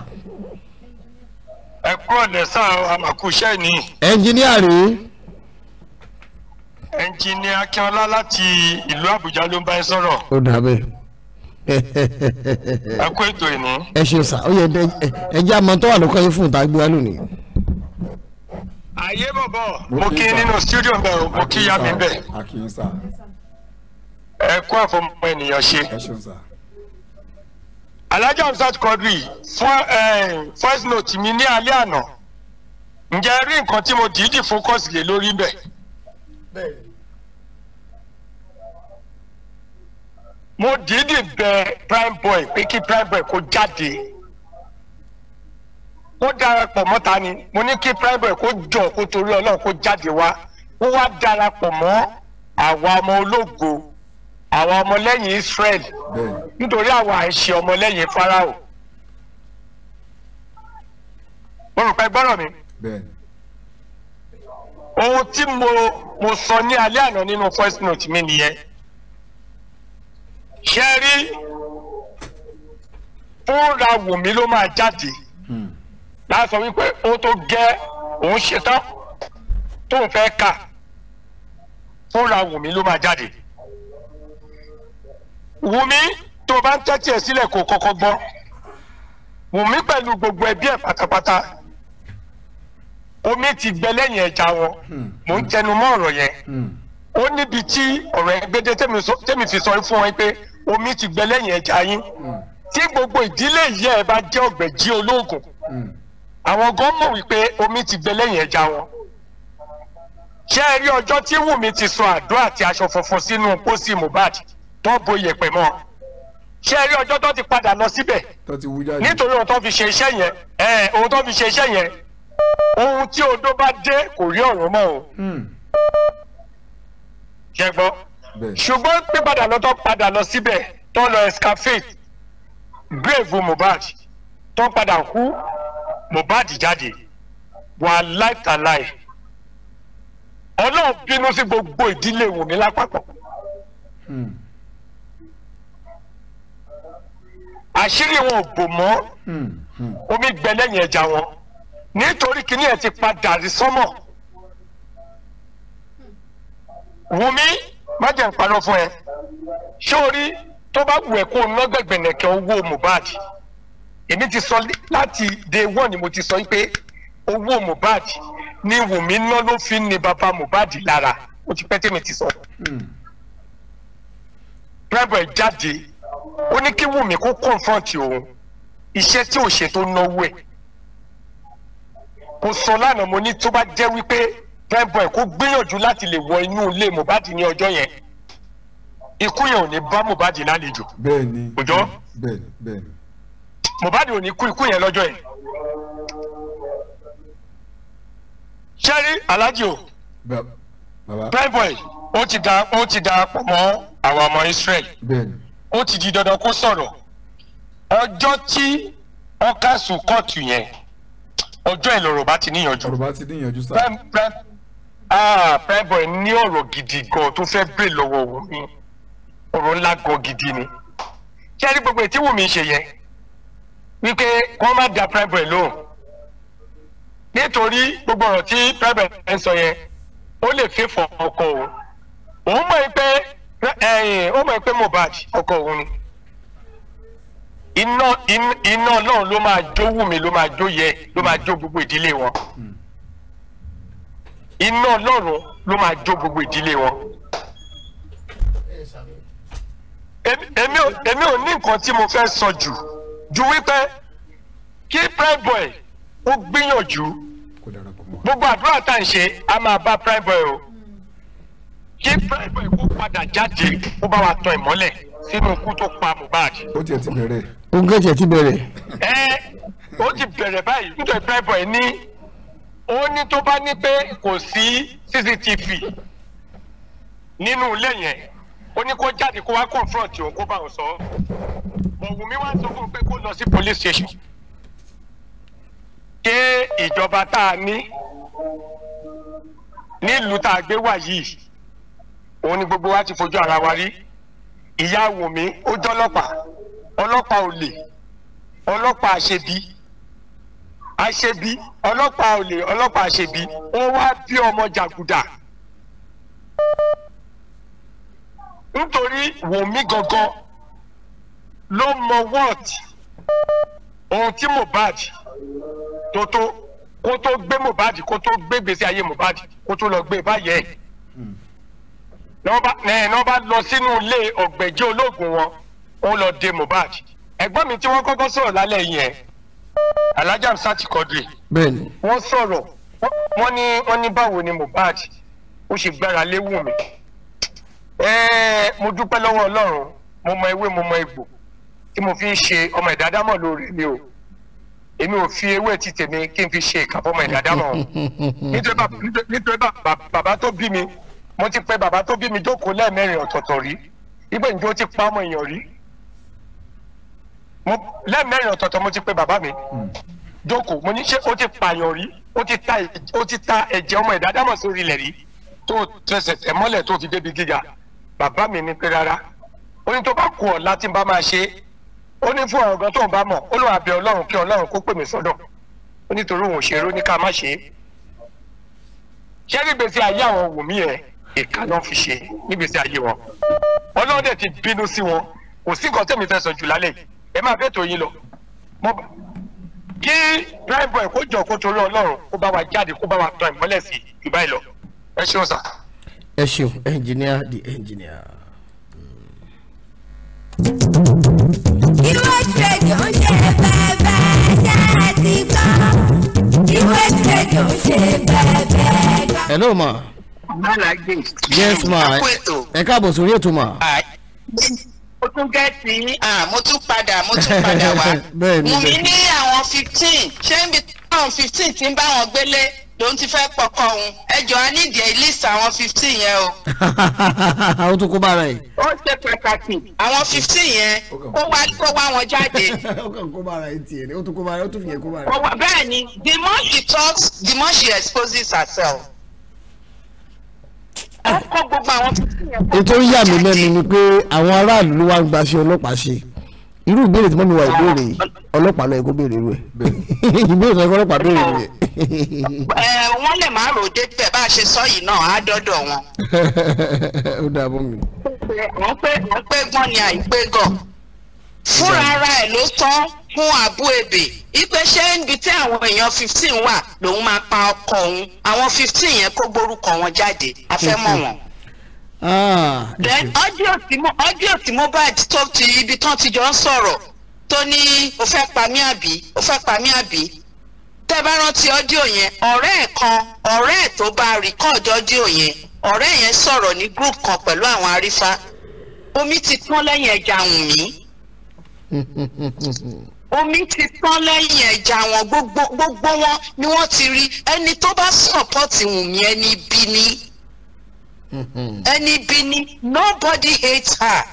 ẹ kúrò lẹ́ sà àmàkùṣẹ́ ni. ẹnjìníà rèé. ẹnjìníà Akínọlá láti ìlú Àbújá ló ń bá ẹ sọ̀rọ̀. ó dàbẹ̀. ẹ kú ètò ìní. ẹ ṣe sà ó yẹ ẹ jẹ́ àmọ́ tó wà lóko yín fún ìta gbé wá lónìí ayé bọ̀bọ̀ mo kí nínú studio mbẹ o mo kí ya mi mbẹ ẹ kú àfọmọ ènìyàn ṣe alhaji hamzat quadri first eh, note mi ní alẹ́ àná ǹjẹ́ rí nǹkan tí mo dìídì focus lé lórí bẹ́ẹ̀. mo dìídì bẹ prime boy pé kí prime boy kó jáde mo darapọ̀ mọ́ta ni mo ní kí prime boy kó jọ kó torí ọlọ́run kó jáde wá kó wá darapọ̀ mọ́ àwa ọmọ ológo àwọn ọmọlẹ́yìn Israel nítorí àwọn àìṣe ọmọlẹ́yìn farao mo rò pé gbọ́rọ̀ mi ohun tí mo mo sọ ní alẹ́ àná nínú first note mi nìyẹn ṣe rí fúnra Wùmí ló máa jáde hmm. láàsọ wípé ohun tó gẹ́ òun ṣetán tóun fẹ́ kà fúnra Wùmí ló máa jáde. Wùmí tó o bá ń tẹ́tí ẹ̀ sílẹ̀ kó o kọ́kọ́ gbọ́ Wùmí pẹ̀lú gbogbo ẹbí ẹ̀ pátápátá omi ti gbẹ lẹ́yìn ẹja wọn mò ń tẹnu mọ́ ọ̀rọ̀ yẹn ó níbi tí ọ̀rọ̀ ẹ̀ gbédé tèmi fi sọ fún wọn pé omi ti gbẹ lẹ́yìn ẹja yín tí gbogbo ìdílé yìí ẹ̀ bá jẹ́ ọ̀gbẹ̀jì olóògùn àwọn gan mọ̀ wípé omi ti gbẹ lẹ́yìn ẹja wọn ṣé ẹ rí ọjọ́ tí Wùmí ti sọ àdó àti aṣọ funfun sínú pósí Mohbad tó bo iyẹ̀pẹ̀ mọ́ ṣé ẹ rí ọjọ́ tó ti padà lọ síbẹ̀ nítorí ohun tó fi ṣe iṣẹ́ yẹn ẹ ohun tó fi ṣe iṣẹ́ yẹn ohun tí odó bá dé kò rí ọ̀rọ̀ mọ́ o hmm. ṣe gbọ́ ṣùgbọ́n pé padà lọ tó padà lọ síbẹ̀ tó lọ escafate grave Mohbad tó padà kú Mohbad jáde wà láìtàláì ọlọ́run bínú sí gbogbo ìdílé Wùmí lápapọ̀. Hmm. àṣírí wọn ò bò mọ́ hmm, hmm. omi gbẹ lẹ́yìn ẹja wọn nítorí kíní ẹ̀ ti padà rí sọ́mọ̀ Wùmí má jẹ́ n parọ́ fún ẹ sórí tó bá wù ẹ́ kó ná gbẹ̀gbẹ̀nẹ̀kẹ́ owó Mohbad èmi ti sọ láti day one ni mo ti sọ pé owó Mohbad ni wumi ná ló fi ń ni bàbá Mohbad lára ó ti pẹ́ tẹ́mi ti sọ. pẹ́pẹ́ hmm. jáde ó ní kí Wùmí kó confront òun iṣẹ́ tí ò ṣe tó náwó ẹ̀ kò sọ lánàá mo ní tó bá jẹ́ wípé prime boy kó gbìyànjú láti lè wọ inú ilé Mohbad ní ọjọ́ yẹn ikú yẹn ò ní bá Mohbad lálejò òjọ́ Mohbad ò ní kú ikú yẹn lọ́jọ́ yẹn ṣẹ́rí alájì o prime boy ó ti da ó ti da pọ̀ mọ́ àwọn ọmọ Israel. Bẹ́ẹ̀ni ó ti di dandan kó sọ̀rọ̀ ọjọ́ tí ọkàsùn kóòtù yẹn ọjọ́ ẹ̀ lọ́rọ̀ bá ti níyànjú. ọ̀rọ̀ bá ti níyànjú sáà. Ah, prime boy ní ọ̀rọ̀ gidi gan tó fẹ́ bè lọ́wọ́ Wùmí ọ̀rọ̀ ńlá gan gidi ni ṣé ẹni gbogbo ètí Wùmí ṣe yẹn wípé kó má da prime boy lóhùn nítorí gbogbo ọ̀rọ̀ tí prime boy ń sọ yẹn ó lè fẹ́ fọ ọkọ o òun mọ̀ pé ó mọ̀ pé Mohbad ọkọ òun ni iná iná náà ló máa jó Wùmí ló máa jó yẹ ló máa jó gbogbo ìdílé wọn iná Ọlọ́run ló máa jó gbogbo ìdílé wọn èmi ò ní nǹkan tí mo fẹ́ sọ jù ju wípé kí prime boy ó gbìyànjú gbogbo àdúrà tá à ń ṣe a máa bá prime boy o kí Primeboy kó padà jáde kó bá wa tọ ìmọ́lẹ̀ sínú ikú tó pa Mohbad. ó tiẹ̀ ti bẹ̀rẹ̀. ó ń kẹ́jẹ̀ ti bẹ̀rẹ̀. ẹ ó ti bẹ̀rẹ̀ báyìí nítorí Primeboy ní ó ní tó bá ní pé kò sí CCTV nínú ilé yẹn ó ní kó jáde kó wá confront òun kó bá òun sọ ọ̀wùnmí wá sọ fún un pé kó lọ sí police station ṣé ìjọba tá a ní nílùú tá a gbé wà yìí òun ni gbogbo wa ti fojú ara wa rí ìyá wòmí ó jọlọ́pàá ọlọ́pàá olè ọlọ́pàá àṣebí àṣebí ọlọ́pàá olè ọlọ́pàá àṣebí wọ́n wá bí ọmọ jàgùdà nítorí wòmí gangan ló mọ wọ́ọ̀t ohun tí Mohbad tó tó kó tó gbé Mohbad kó tó gbé gbèsè ayé Mohbad kó tó lọ gbé báyẹn. Hmm náà bá lọ sínú ilé ọ̀gbẹ́jẹ́ ológun wọn ó lọ de Mohbad ẹ̀gbọ́n mi tí wọ́n kọ́kọ́ sọ̀rọ̀ lálẹ́ yẹn Alhaji Hamsat Quadri wọ́n sọ̀rọ̀ wọ́n ní wọ́n ní báwo ni Mohbad ó ṣe gbára lé Wùmí mo dúpẹ́ lọ́wọ́ Ọlọ́run mo mọ ewé mo mọ egbò tí mo fi ń ṣe ọmọ ìdádámọ̀ lórí mi o èmi ò fi ewé ti tèmi kí n fi ṣe ìkàfọ́mọ ìdádámọ̀ nítorí bàbá tó bí mi mo ti pe bàbá tó bí mi jókòó lẹ́ẹ̀mẹ́rin ọ̀tọ̀ọ̀tọ̀ rí ibẹ̀ njó ti pa ọmọ èèyàn rí lẹ́ẹ̀mẹ́rin ọ̀tọ̀ọ̀tọ̀ mo ti pe bàbá mi hmm. jókòó mo ní ṣé ó ti pààyàn rí ó ti ta ẹ̀jẹ̀ ọmọ ẹ̀dá dámọ̀ sórí ilẹ̀ rí tó tẹsẹ̀ tẹ̀ mọ́lẹ̀ tó fi débi gíga bàbá mi ní pé rárá ó ní tó bá kú ọ̀ láti bá máa ṣe ó ní fún ọ̀gán tó ń bá mọ̀ ó lóun àbẹ̀ ọlọ́run kí ọlọ́run kó pè mí sọ́dọ̀ ó nítorí òun òṣèré ó ní ká má ṣe é ṣé ní gbèsè ayé àwọn wùmí ẹ̀ ìkànnà fi ṣe nígbèsè ayé wọn ọlọ́run dẹ̀ ti bínú sí wọn kò sí nǹkan tẹ̀mí fẹ́ sọ jù lálẹ́ yìí máa bẹ́ẹ̀ tó yín lọ kí prime boy kó jọ kó torí ọlọ́run kó bá wa jáde kó bá wa tan ìmọ́lẹ̀ sí jù báyìí lọ ẹ ṣeun sà. ẹ ṣeun engineer the engineer. us radio ń ṣe bẹ́ẹ̀bẹ́ ṣáà ti gbọ́ us radio ń ṣe bẹ́ẹ̀bẹ́ gbọ́. hello ma malaje. yes ma ẹ káàbọ̀ sórí ètò ma. mo tún gẹ̀ẹ́sì mo tún padà mo tún padà wá mú mi ní àwọn fifteen ṣé níbi táwọn fifteen ti ń bá wọn gbélé ló ń ti fẹ́ pọkọ òun ẹjọ́ a ní ìdí list àwọn fifteen yẹn o. ó tún kó bára ẹ̀. ó ṣe pàtàkì àwọn fifteen yẹn kó wá kó wá wọn jáde. ó kàn kó bára ẹ̀ tiẹ̀ ni ó tún kó bára ẹ̀ ó tún fi yẹn kó bára ẹ̀. bẹ́ẹ̀ ni the more she talks the more she exposes herself kó gbogbo àwọn tuntun yẹn. ètò ń yà mí lẹ́nu ni pé àwọn aráàlú ló wá ń gbaṣẹ́ ọlọ́pàá ṣe irú ìbéèrè tí mọ́mi wà ìbéèrè ọlọ́pàá lọ́yẹ̀ kó béèrè rẹ̀ ìbéèrè tó yẹ kó béèrè rẹ̀. wọ́n lè má rò dé bá a ṣe sọ yìí náà á dọ́dọ̀ wọn. ó dàbọ̀ mi. à ń pé gbọ́n ni àìpé gọ̀ fúnra ara ẹ̀ ló tán fún Abuebe ipe ṣé níbi tí àwọn èèyàn fifteen wà lòun máa pa ọkọ òun àwọn fifteen yẹn kó gbórúkọ wọn jáde a fẹ́ mọ̀ wọ́n. Ah, then ọ́díò tí Mohbad tó ti ibi tán ti jọ ń sọ̀rọ̀ tó ní o fẹ́ pa mí àbí o fẹ́ pa mí àbí tẹ́ bá rántí ọ́díò yẹn ọ̀rẹ́ ẹ̀ kan ọ̀rẹ́ ẹ̀ tó bá rìkọ́ọ̀dì ọ́díò yẹn ọ̀rẹ́ yẹn sọ̀rọ̀ ní group kan pẹ̀lú àwọn arífá omi ti pọ́n lẹ́yìn ẹja wùn mí omi ti tán lẹ́yìn ẹja wọn gbogbo wọn ni wọ́n ti rí ẹni tó bá sọ̀pọ̀tì Wùmí ẹni bí ni ẹni bí ni nobody hate her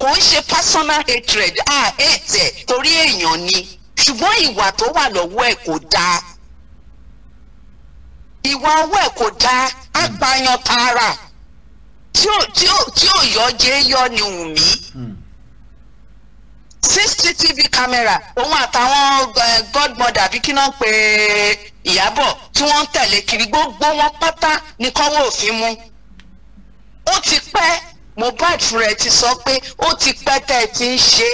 kò ń ṣe personal hatred a hate ẹ̀ torí èèyàn ni ṣùgbọ́n ìwà tó wà lọ́wọ́ ẹ̀ kò dáa ìwà ọwọ́ ẹ̀ kò dáa apààyàn tààrà tí ò tí ò yọ jẹ́ yọ ni Wùmí. Mm cctv camera òun àtàwọn eh, godmother bí kí náà pé ìyàbọ̀ tí wọ́n ń tẹ̀lé kiri gbogbo wọn pátá ní kọ́wọ́ òfin mú ó ti pẹ́ Mohbad fúnra ti sọ pé ó ti pẹ́ tẹ́ ẹ ti ń ṣe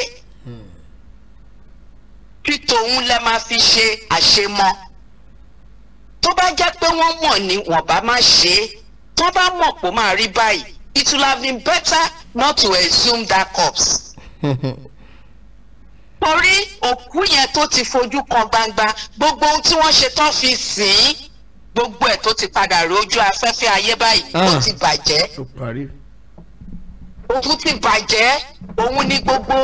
kí tòun lẹ máa fi ṣe àṣemọ́ tó bá jẹ́ pé wọ́n mọ̀ ni wọ́n bá má ṣe é tó bá mọ̀ pé ó máa rí báyìí it would have been better not to assume that corpse. torí òkú yẹn tó ti fojú kan gbangba gbogbo ohun tí wọ́n ṣe tán fi sìn gbogbo ẹ̀ tó ti padà rojú afẹ́fẹ́ ayé báyìí ó ah. ti bàjẹ́ òkú ti bàjẹ́ òun ni gbogbo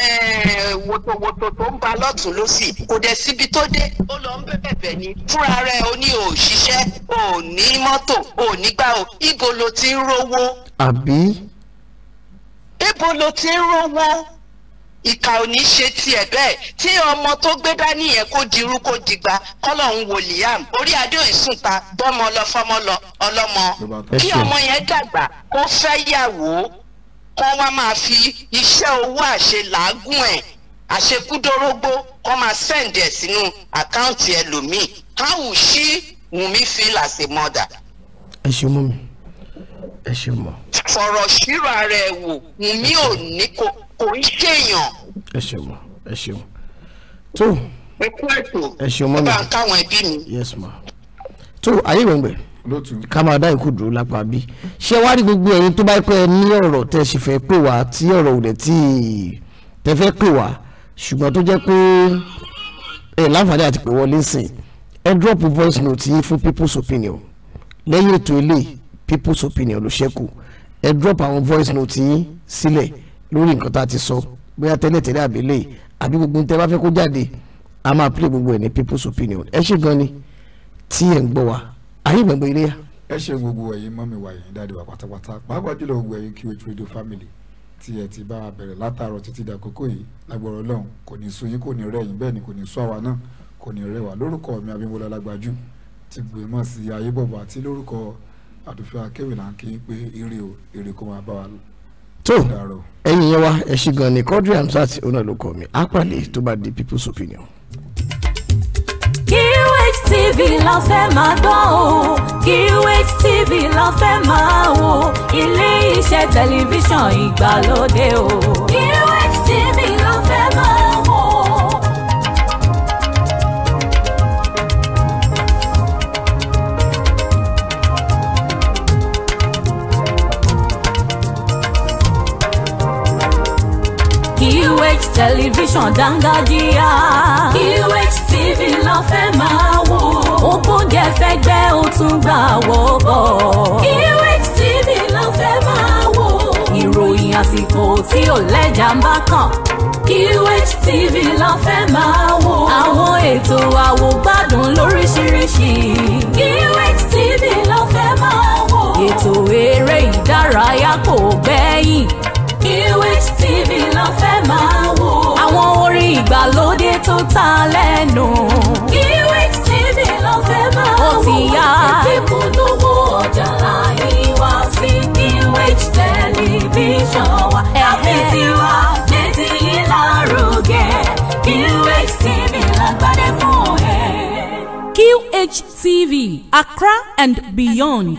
eh, wòtòwòtò tó ń ba lọ́tún lọ́sì kò dẹ̀ síbi tó dé ó lọ ń bẹ̀bẹ̀ ní fúnra rẹ̀ ó ní ò ṣiṣẹ́ ní mọ́tò ò ní gbà ó ibo ló ti ń rówó. àbí. ibo ló ti ń rówó ìkà ò ní ṣe tiẹ̀ bẹ́ẹ̀ tí ọmọ tó gbé dání yẹn kó dirú kó digba kọ́lọ́hún wò liam orí adé òìsùn bọ́mọ lọ fọmọ lọ ọlọ́mọ kí ọmọ yẹn dàgbà kó fẹ́ yàwó kó wá máa fi iṣẹ́ owó àṣe làágùn ẹ̀ àṣekúdórógbó kó máa sẹ́ǹdì ẹ̀ sínú àkáǹtì ẹlòmíì káwù sí Wùmí feel as a mother. ẹ ṣeun mọ mi ẹ ṣeun mọ. fọ̀rọ̀ ṣírò ara ẹ̀ wò Wùmí ò ní kó kò ń ṣèyàn. ẹ ṣeun ẹ ṣeun tó. ẹ kú ètò ẹ ṣeun mọ́mi ẹ bá ń káwọn ẹbí mi. yes ma tó ayé gbẹ̀ngbẹ̀ ká máa dá ikú dúró lápá bí ṣé wàá rí gbogbo ẹ̀yin tó bá pẹ́ ní ọ̀rọ̀ tẹ́ ṣe fẹ́ pè wá tí ọ̀rọ̀ ò dẹ̀ tí tẹ́ fẹ́ pè wá ṣùgbọ́n tó jẹ́ pé ẹ láǹfààní àti pè wọlé sìn ẹ drop voice note yín fún people's opinion lẹ́yìn ètò ilé people's opinion ló ṣẹ́kù ẹ drop àwọn voice note yín sílẹ̀. Si lórí nǹkan tá a ti sọ bóyá tẹ́lẹ̀ tẹ́lẹ̀ àbí lè àbí tẹ́ bá fẹ́ kó jáde a máa play gbogbo ẹ̀ ní people's opinion ẹ ṣe gan ni tí ẹ̀ ń gbọ́ wa ayé ìgbàgbọ́ ilé yà. ẹ ṣe gbogbo ẹ̀yin mọ́mí wa yẹn dáadé wa pátápátá pàápàá jùlọ gbogbo ẹ̀yin QH Radio family tí ẹ ti bá a bẹ̀rẹ̀ látàárọ̀ títí dàkókò yìí lágbọ̀rọ̀ Ọlọ́run kò ní sú yín kò ní rẹ̀ yín bẹ́ẹ̀ ni kò ní sú àwa náà kò ní rẹ̀ wá lórúkọ mi Abímbọ́lá Lágbájú ti gbèmọ̀ sí ayé bọ̀bọ̀ àti lórúkọ àdùfẹ́ akéwìlà kí n pé ire o ire kó máa bá wa tó ẹ̀yin yẹn wá ẹ ṣe gan ni Quadri Hamzat onalokọ mi apàdé tó bá di people's opinion. QH TV la fẹ́ máa gbọ́ o QH TV la fẹ́ máa wo ilé iṣẹ́ tẹlifíṣàn ìgbàlódé o. tẹlifíṣàn dáńgájíá. QHTV ló fẹ́ máa wò. ògbóǹgẹ̀ fẹ́gbẹ́ ó tún gbà wọ́pọ̀. QHTV ló fẹ́ máa wò. ìròyìn àsìkò tí ò lẹ́jà ń bá kàn. QHTV ló fẹ́ máa wò. àwọn ètò àwò gbádùn lóríṣiríṣi. QHTV ló fẹ́ máa wò. ètò eré ìdárayá kò gbẹ́yìn. QHTV ló fẹ́ máa wò àwọn orin ìgbàlódé tó ta lẹ́nu. QH TV ló fẹ́ máa wò ó ti yá. ìpolówó ọjà láyé wá sí QH tẹlifíṣàn wa láti tiwa létí yìí lárugẹ QH TV lágbádẹ fún ẹ. QH TV Accra and beyond.